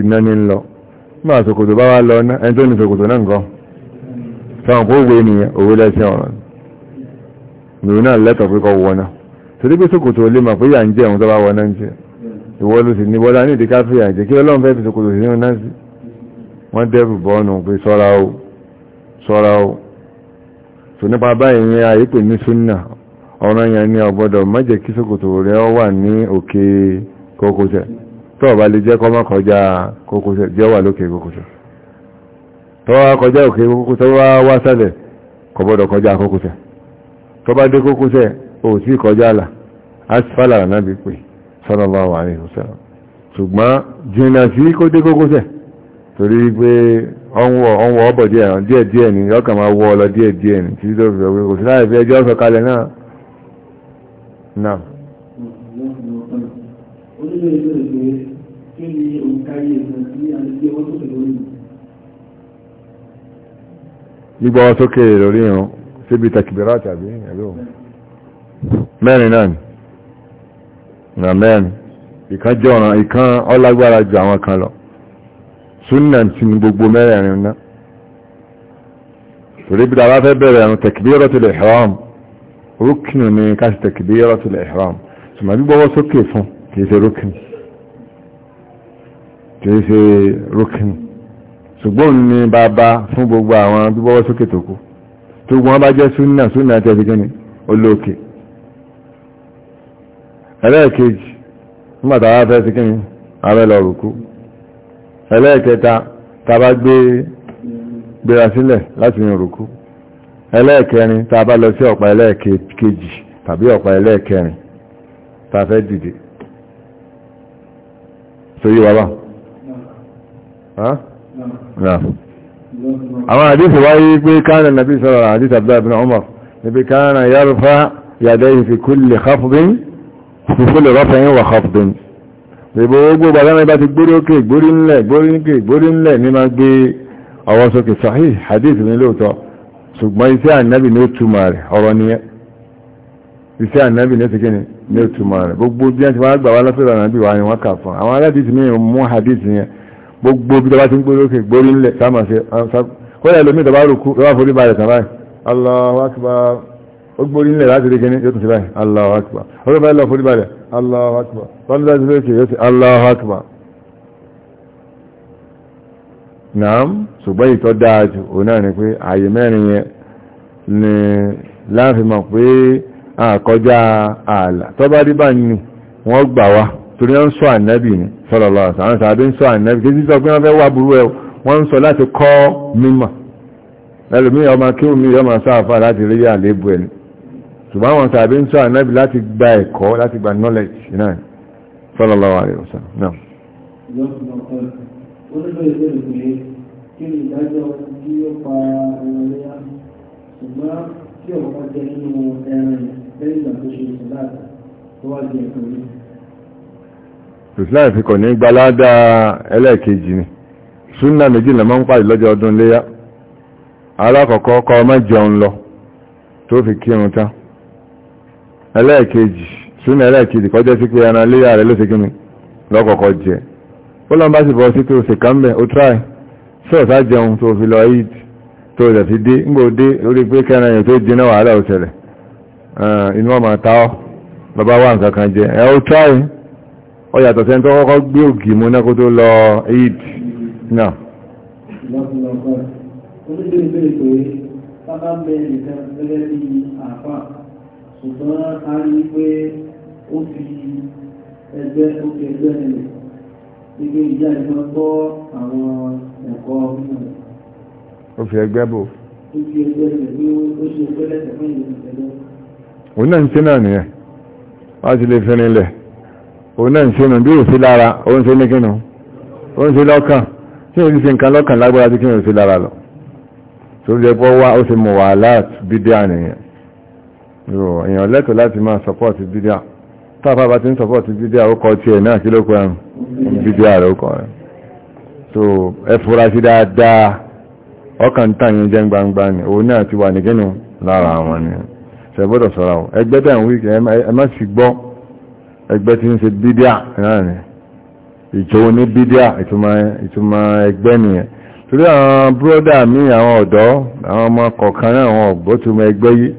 iná ní lọ máa ṣòkòtò bá wá lọ ẹni tó ní ṣòkòtò náà nǹkan sáwọn kó wé nìyẹn òwe lẹ́sẹ̀ ọ̀rọ̀ nìyẹn náà pé kọ́ wọ náà torí pé sòkòtò lè mọ̀ pé yà ń jẹ́ òun tó bá wọ náà ń jẹ́ ìwọ ló sì ní wọ́lá ní ìdíká fi àjẹ́ kí ọlọ́run fẹ́ fi sòkòtò sí náà sí wọ́n dẹ́bù bọ́ọ̀nù pé sọ́ra ó sọ́ra ó so nípa báyìí yẹn ayé pè ní súnà ọ̀ràn yẹn ni ọ̀gbọ́dọ̀ má jẹ́ kí sòkòtò rẹ̀ ó wà ní òkè kókósẹ̀ tó bá lè jẹ́ kó má kọjá kókósẹ̀ jẹ́ wà lókè kókósẹ̀ tó wá kọjá òkè kókósẹ̀ wá wá sálẹ̀ kò kọjá kókósẹ̀ tó bá dé kókósẹ̀ ò tí kọjá là asfala ànábì pè sallallahu alaihi wasallam ṣùgbọ́n jìnà sí kó dé kókósẹ̀ torí pé ọwọ́ ọbọ̀ díẹ̀ díẹ̀ ni yọ́kà máa wọ́ ọlọ díẹ̀ díẹ̀ ni tí tó fẹ́ kò sí láì ẹjọ́ sọ kalẹ̀ náà náà gbígbọ́ sókè lórí ìrún síbi takibirá tàbí ẹ̀lú mẹ́rin náà ni ọ̀nà mẹ́rin ìkan jẹ́ ọ̀nà ìkan ọlágbára ju àwọn kan lọ súnà tí ni gbogbo mẹ́rin náà torí bí dára fẹ́ bẹ̀rẹ̀ àwọn takbiratul ihram rúkìnù ní káṣí takbiratul ihram ṣùgbọ́n gbígbọ́wọ́ sókè fún kìí ṣe rúkìnù kìí ṣe rúkìnù ṣùgbọ́n ní bàbá fún gbogbo àwọn gbígbọ́wọ́ sókè tó kú tó gbọ́n bá jẹ́ súnà súnà tẹ́sí olóòkè ẹlẹ́ẹ̀kejì nígbàtà wá fẹ́ sí kí ni ààrẹ lọ rùkú ẹlẹ́ẹ̀kẹta tàbá gbé gbéra sílẹ̀ láti ní rùkú ẹlẹ́ẹ̀kẹrin tàbá lọ sí ọ̀pá ẹlẹ́ẹ̀kejì tàbí ọ̀pá ẹlẹ́ẹ̀kẹrin tàfẹ́ dìde sóyí wà bá àwọn àdífò wáyé pé káàrẹ̀ nàbí sọ́rọ̀ àdífò àbúrà ibn Umar níbi káàrẹ̀ yarfa yadayhi fi kulli khafdin fífúlẹ̀ rọ́fẹ́ yín wà hafdun ìbò gbogbo bàbá bá ti gbórí òkè gbórí ńlẹ̀ gbórí òkè gbórí ńlẹ̀ ní máa gbé ọwọ́ sókè sahih hadith ní lóòtọ́ ṣùgbọ́n iṣẹ́ ànábì ní ó túmọ̀ rẹ̀ ọ̀rọ̀ nìyẹn iṣẹ́ ànábì ní ó ti kíni ní ó túmọ̀ rẹ̀ gbogbo bí wọ́n ti wá gbà wá lọ́sọ̀rọ̀ ànábì wá ni wọ́n kà fún àwọn aládìsí mi ò mú hadith yẹn gbogbo bí ó gbórí nílẹ̀ láti rí kíní yóò tún sí báyìí Allahu Akbar ọjọ́ báyìí lọ fún ìbàdẹ̀ Allahu Akbar tọ́lú láti lókè yóò sí Allahu Akbar naam ṣùgbọ́n ìtọ́ dáa jù ò náà ni pé ààyè mẹ́rin yẹn ni láàfin mọ̀ pé àkọjá ààlà tọ́ bá rí bá ní wọ́n gbà wá torí wọ́n ń sọ ànábì ní sallallahu alaihi wasallam àbí ń sọ ànábì kí sísọ pé wọ́n fẹ́ wá burú ẹ wọ́n ń sọ láti kọ́ mímọ̀ ẹlòmíyàn ọmọ kí omi yọ máa láti rí àléébù ẹni ṣùgbọ́n àwọn tàbí ń sọ ànábì láti gba ẹ̀kọ́ láti gba knowledge náà sallallahu alaihi wasallam náà ìsìláì fi kọ̀ ní gbaládá ẹlẹ́ẹ̀kejì ni súnà méjìlá máa ń pàdé lọ́jọ́ ọdún léyá alákọ̀ọ́kọ́ kọ́ ọmọ jẹun lọ tó fi kírun tán ẹlẹ́ẹ̀kejì súnà ẹlẹ́ẹ̀kejì kọjẹ́ sí pé ẹran léyà rẹ̀ ló ṣe kí mi lọ́kọ̀ọ̀kọ̀ jẹ bọ́lọ́n bá sì bọ́ sí pé o ṣe kán bẹ̀ o try sọ́ọ̀sá jẹun tó fi lọ eid tó rẹ̀ fi dé ń gbò dé lórí pé kẹran èèyàn tó jiná wàhálà ò ṣẹlẹ̀ inú ọmọ ta ọ bàbá wà nǹkan kan jẹ ẹ o try ọ yàtọ̀ sẹ́ni tó kọ́kọ́ gbé ògì mú náà kó tó lọ eid náà. Lọ́kùnrin ọ̀pọ̀ ṣùgbọ́n a rí pé ó fi ẹgbẹ́ ó fi ẹgbẹ́ nílẹ̀ gbígbé ìjà ìjọ gbọ́ àwọn ẹ̀kọ́ mímọ̀ rẹ̀. ó fi ẹgbẹ́ bò. ó fi ẹgbẹ́ rẹ̀ bí ó ṣe ẹgbẹ́ lẹ́sẹ̀ fún ìlú ìtẹ́lẹ̀. òun náà ń ṣe náà nìyẹn wọ́n ti lè fi rinlẹ̀ òun náà ń ṣe nù bí ò sí lára ó ṣe ní kínú ó ṣe lọ́kàn tí ò sì ṣe nǹkan lọ́kàn lágbára tí kínú ò sí lára lọ tó lè pọ́ wá ó sì mọ̀ wàhálà bídíà nìyẹn yóò èèyàn lẹ́tọ̀ láti máa sọpọ́ọ̀tì bídíà táàpá bá ti ń sọpọ́ọ̀tì bídíà ó kọ tí ẹ̀ náà kí ló pẹ́ bídíà rẹ̀ ó kọ rẹ̀ so ẹ fura sí dáadáa ọkàn tàyín jẹ́ gbangba ni òun náà ti wà nìkínú lára àwọn ni ṣe gbọ́dọ̀ sọ́ra ọ̀ ẹgbẹ́ tẹ̀ ń wí ẹ má sì gbọ́ ẹgbẹ́ tí ń ṣe bídíà náà ni ìjọ ní bídíà ìtumọ̀ ẹgbẹ́ nìyẹn torí àwọn búrọ́dà mi àwọn ọ̀dọ́ àwọn ọmọ kọ̀ọ̀kan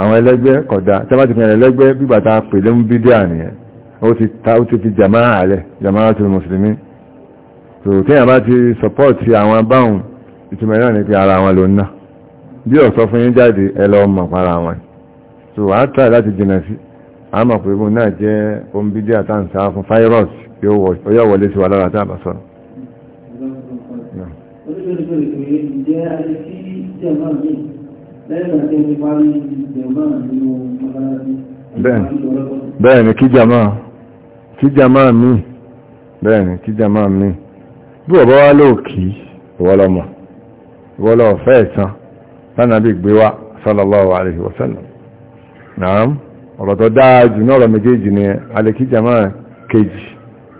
àwọn ẹlẹ́gbẹ́ kódà tẹ́bá ti pìyàn ẹlẹ́gbẹ́ bígbà ta pè lẹ́mú bídíà nìyẹn ó ti ta ó ti fi jamaa àlẹ̀ jamaa tó mùsùlùmí tó kéèyàn bá ti sọpọ́ọ̀tì àwọn báhùn ìtumọ̀ náà ní pé ara wọn ló ń ná bí ọ̀sọ́ fún yín jáde ẹ lọ mọ̀ para wọn tó wàá tà láti jìnà sí àmọ̀ pé bóun náà jẹ́ ohun bídíà tá à fún fáírọ́ọ̀sì yóò wọlé sí wa lára tá a bá sọ̀rọ̀ ìjẹ́ àti tí jẹ́ máa ń bẹ́ẹ̀ni kí jama kí jama mi bẹ́ẹ̀ni kí jama mi bí ọ̀bọ̀ wá ló kí ìwọ́lọ́mọ̀ ìwọ́lọ́ ọ̀fẹ́ ìtàn lánàbí gbé wá sallallahu alaihi wasallam naam ọ̀rọ̀ tó dáa jù náà ọ̀rọ̀ méjèèjì ni alẹ́kí jama kejì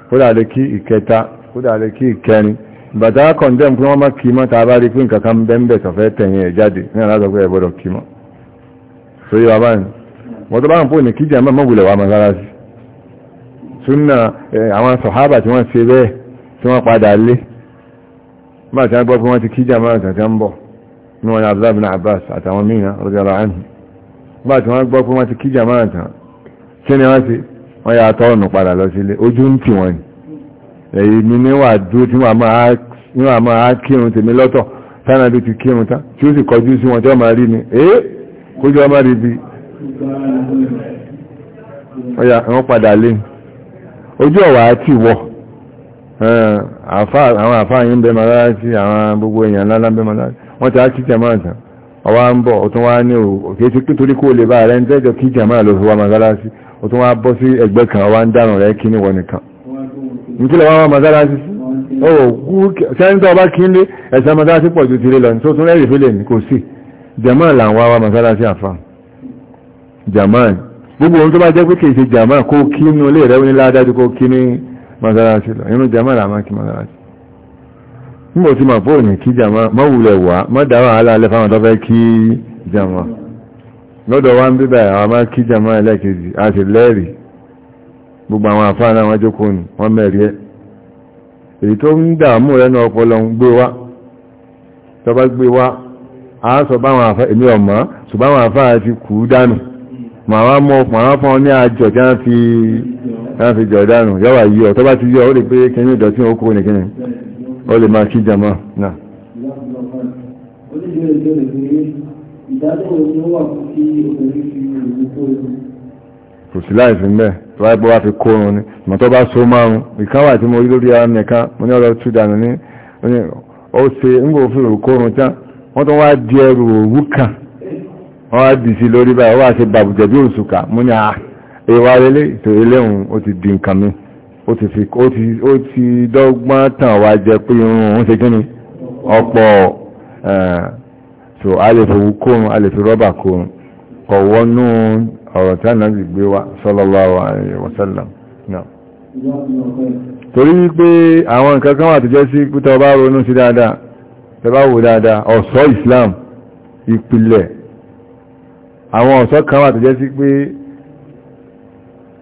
kódà alẹ́kí ìkẹta kódà alẹ́kí ìkẹrin bàtà kọ̀ndẹ̀m kí wọ́n má kí mọ́ tàbá rí pín kankan bẹ́m̀bẹ̀ tọ̀fẹ́ tẹ̀yìn ẹ̀ jáde ní aláàzọ̀ pé ẹ̀bọ̀dọ̀ kí so yíwa báyìí wọ́n tó bá ń pò ní kíjà mọ́ wulẹ̀ wà mọ́sálásí súnà àwọn sọ̀hábà tí wọ́n ṣe bẹ́ẹ̀ tí wọ́n padà lé bá ti gbọ́ pé wọ́n ti kíjà mọ́ tàbí ń bọ̀ ní wọn Abdullah bin Abbas tàn èyí mi níwà dúró tí wọ́n máa kírun tèmi lọ́tọ̀ tánàbí ti kírun tán tí ó sì kọjú sí wọn tí wọ́n máa rí ni ee kójú ọmọ rí bí ọya wọ́n padà lé ojú ọ̀wà àti wọ̀ àwọn àfáà yìí ń àwọn gbogbo èèyàn bẹ wọ́n ti á kí ọwá ń bọ̀ wá ní torí kó lè bá ń tẹ́jọ kí fi wá nkílẹ̀ wọn wá mọ́sálásí sí ó kú sẹ́ńtọ́ ọba kí ní ẹ̀sẹ̀ mọ́sálásí pọ̀ ju tirẹ̀ lọ tó tún rẹ́rì fílẹ̀ ní kò sí jama là ń wá wá mọ́sálásí àfa jama gbogbo ohun tó bá jẹ́ pé kì í ṣe jama kó kí ní olè rẹ̀ ní ládájú kó kí ní mọ́sálásí lọ gbogbo àwọn àfáàná wọn jókòó nù wọ́n mẹ́rí ẹ́ èyí tó ń dààmú ẹnu ọpọlọ gbé wá tó gbé wá a sọ báwọn àfá èmi ọ̀mọ́ ṣùgbọ́n àwọn àfáà ti kú dànù màá wá mọ́ pàá fún ọ ó lè pé kẹ́yìn ìdọ̀tí ó kó nìkan ó lè máa kí jama náà ìdájọ́ òun ló wà fún kí obìnrin fi ìlú kó kò sí láìsí mẹ́ tó wáyé pọ́ wá fi kórun ni mọ̀ tó bá so márùn ìkan wà tí mo rí lórí ara nìkan mo ní ọ̀rọ̀ tú dànù ní ó ṣe ń gbò fún òru kórun tán wọ́n tó wá di ẹrù òwú kan wọ́n wá dì sí lórí báyìí wọ́n wá ṣe bàbùjẹ̀ bí òṣùkà mo ní à ìwà relé ètò eléhùn ó ti di nǹkan mi ó ti fi ó ti dọ́gbọ́n tàn wá jẹ pé irun òun ṣe kí ni ọ̀pọ̀ eh, so a lè fi òwú kórun a lè fi rọ́bà kórun kọ̀wọ́nú ọ̀rọ̀ tí ànábì gbé wá sallallahu alaihi wasallam náà torí wípé àwọn nǹkan kan wà tó jẹ́ sí pútọ̀ bá ronú sí dáadáa tẹbá wò dáadáa ọ̀ṣọ́ Islam ìpìlẹ̀ àwọn ọ̀ṣọ́ kan wà tó jẹ́ sí pé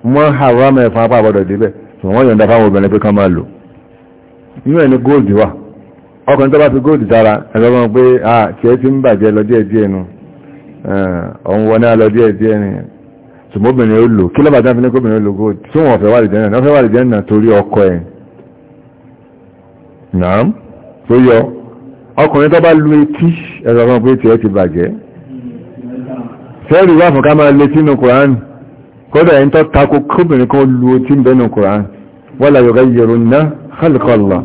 wọ́n haram ẹ̀fà apá àbọ̀dọ̀ débẹ̀ tí wọ́n yọ̀nda fáwọn obìnrin pé kán máa lò inú ẹni góòdì wà ọkùnrin tó bá fi góòdì sára ẹgbẹ́gbọ́n pé à tí ẹ ti ń bàjẹ́ lọ díẹ̀ díẹ̀ nu ọ̀hún wọná lọ díẹ̀ díẹ̀ nìyẹn tùmọ́ obìnrin ó lò kí lọ́bàá tán fi ní kó obìnrin ó lò gold tí wọ́n fẹ́ wà lè jẹ́nà wọ́n fẹ́ wà lè jẹ́nà torí ọkọ ẹ̀ nàám tó yọ ọkùnrin tó bá lu etí ẹ̀rọ kan pé tí ẹ ti bàjẹ́ sẹ́ẹ̀rì wà fún ká máa létí nù Kùránì kódà ẹni tó tako kóbìnrin kan lu etí ń bẹ́ nù Kùránì wọ́n la yugayyirunna khalqallah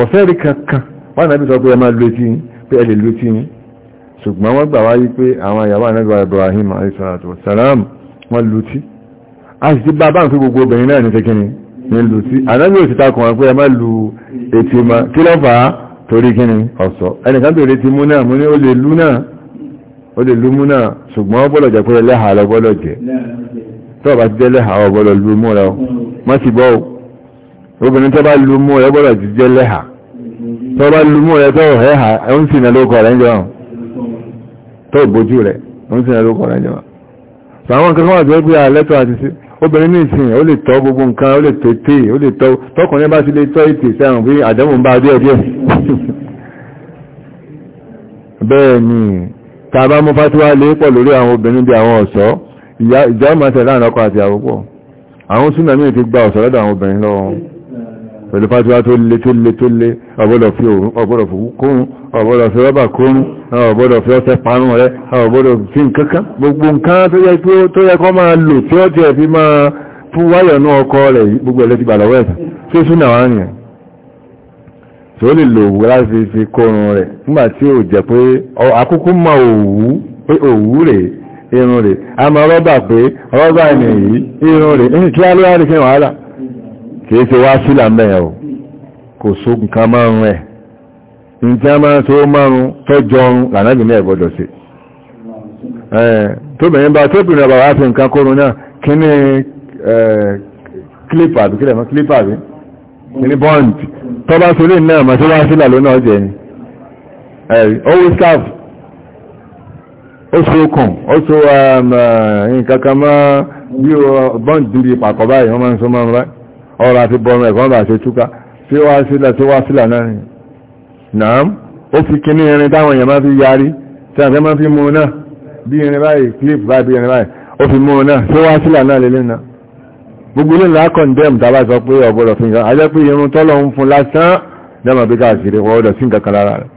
ọ̀sẹ́ẹ̀rì kankan wọ́n nàbí sọ pé ẹ máa lu etí pé ẹ lè lu etí ṣùgbọ́n wọ́n gbà wáyé pé àwọn àyàwó ànágbà Ibrahim alayhi salatu wa salam wọ́n lù tí a sì ti bá bá ń fi gbogbo obìnrin náà ní tẹ́kíní ní lù tí àdájú òsì takùn wọn pé ẹ má lu ètì ma kí ló fà á torí kíni ọ̀sọ̀ ẹnìkan bèèrè ti mú náà mú ní ó lè lú náà ó lè lú mú náà ṣùgbọ́n ó gbọ́dọ̀ jẹ́ pé ẹlẹ́hà lọ jẹ́ tó ti jẹ́ lẹ́hà lú mú rẹ má sì gbọ́ obìnrin tó bá lú mú rẹ gbọ́dọ̀ ti jẹ́ tó bá lú mú rẹ tó ẹ̀hà ó ń sìn lóko rẹ̀ ń jọ tó bójú rẹ̀ ó ń sìn lóko rẹ̀ ń jọ àwọn nǹkan kan wà tó gbé àlẹ́tọ̀ àti sí obìnrin ní ìsìn ó lè tọ́ gbogbo nǹkan ó lè tètè ó lè tọ́ tọkùnrin bá sí lè tọ́ ètè sẹ́wọ̀n bí àdánwò ń bá díẹ̀ díẹ̀ bẹ́ẹ̀ ni ta bá mú fásiwá lè pọ̀ lórí àwọn obìnrin bí àwọn ọ̀ṣọ́ ìjà ìjà máa tẹ̀ láàrin ọkọ àti àwòpọ̀ àwọn súnà míì pẹ̀lú fàtíwá tó lè tó lè tó lè ọ̀bọ̀dọ̀ fi òun ọ̀bọ̀dọ̀ fi kóhun ọ̀bọ̀dọ̀ fi rọ́bà kóhun ọ̀bọ̀dọ̀ fi ọ̀sẹ̀ parun rẹ̀ ọ̀bọ̀dọ̀ fi nkankan gbogbo nǹkan tó yẹ kọ́ máa lò tí ó jẹ́ fi máa fún wáyọ̀ náà ọkọ rẹ̀ gbogbo ẹ̀lẹ́ ti gbà lọ́wọ́ ẹ̀sẹ̀ tí ó súnà wọ́n yẹn tí ó lè lò kìí ṣe wá sílà mẹ́yà o kò so nǹkan márùn ẹ̀ nǹkan márùn tó márùn tọ́jọ ọrùn lànàbì ní ẹ̀gbọ́dọ̀ sí tóbìnrin bá tóbìnrin bá wá fi nǹkan kórun náà kí ní clipper àbí kílẹ̀ mọ́ kí ní bond tó bá sórí náà mà tó wá sílà ló náà jẹ ni owó staff ó so okùn ó so um, nǹkan kan bond dúdú ìpàkọ́ báyìí wọ́n máa ọ̀rọ̀ àti bọ́ọ̀mù ẹ̀kọ́ bá ṣe túká tí ó wá sílẹ̀ tó wá sílẹ̀ náà ni náà ó fi kíní irin táwọn èèyàn máa fi yarí tí àfẹ́ máa fi mú náà bí irin báyìí clip báyìí bí irin báyìí ó fi mú náà tí ó wá sílẹ̀ náà lélẹ́ náà gbogbo ilé ńlá condemn tàbá sọ pé ọ̀gbọ́dọ̀ fi nǹkan ajẹ́ pé irun tọ́lọ̀ ń fún lásán dẹ́mọ̀ bí káàkiri wọ́n ọ̀dọ̀ sí nǹkan lára rẹ̀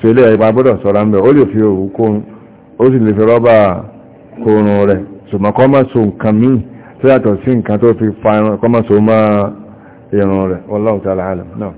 so ilé ẹ̀gbà gbọ́dọ̀ sọ̀rọ̀ mẹ́ ó lè fi òwú ó sì lè fi rọ́bà kórun rẹ̀ ṣùgbọ́n má so nǹkan míì tó yàtọ̀ sí nǹkan tó fi fa ẹran kọ́ máa so máa rẹ̀ wallahu ta'ala náà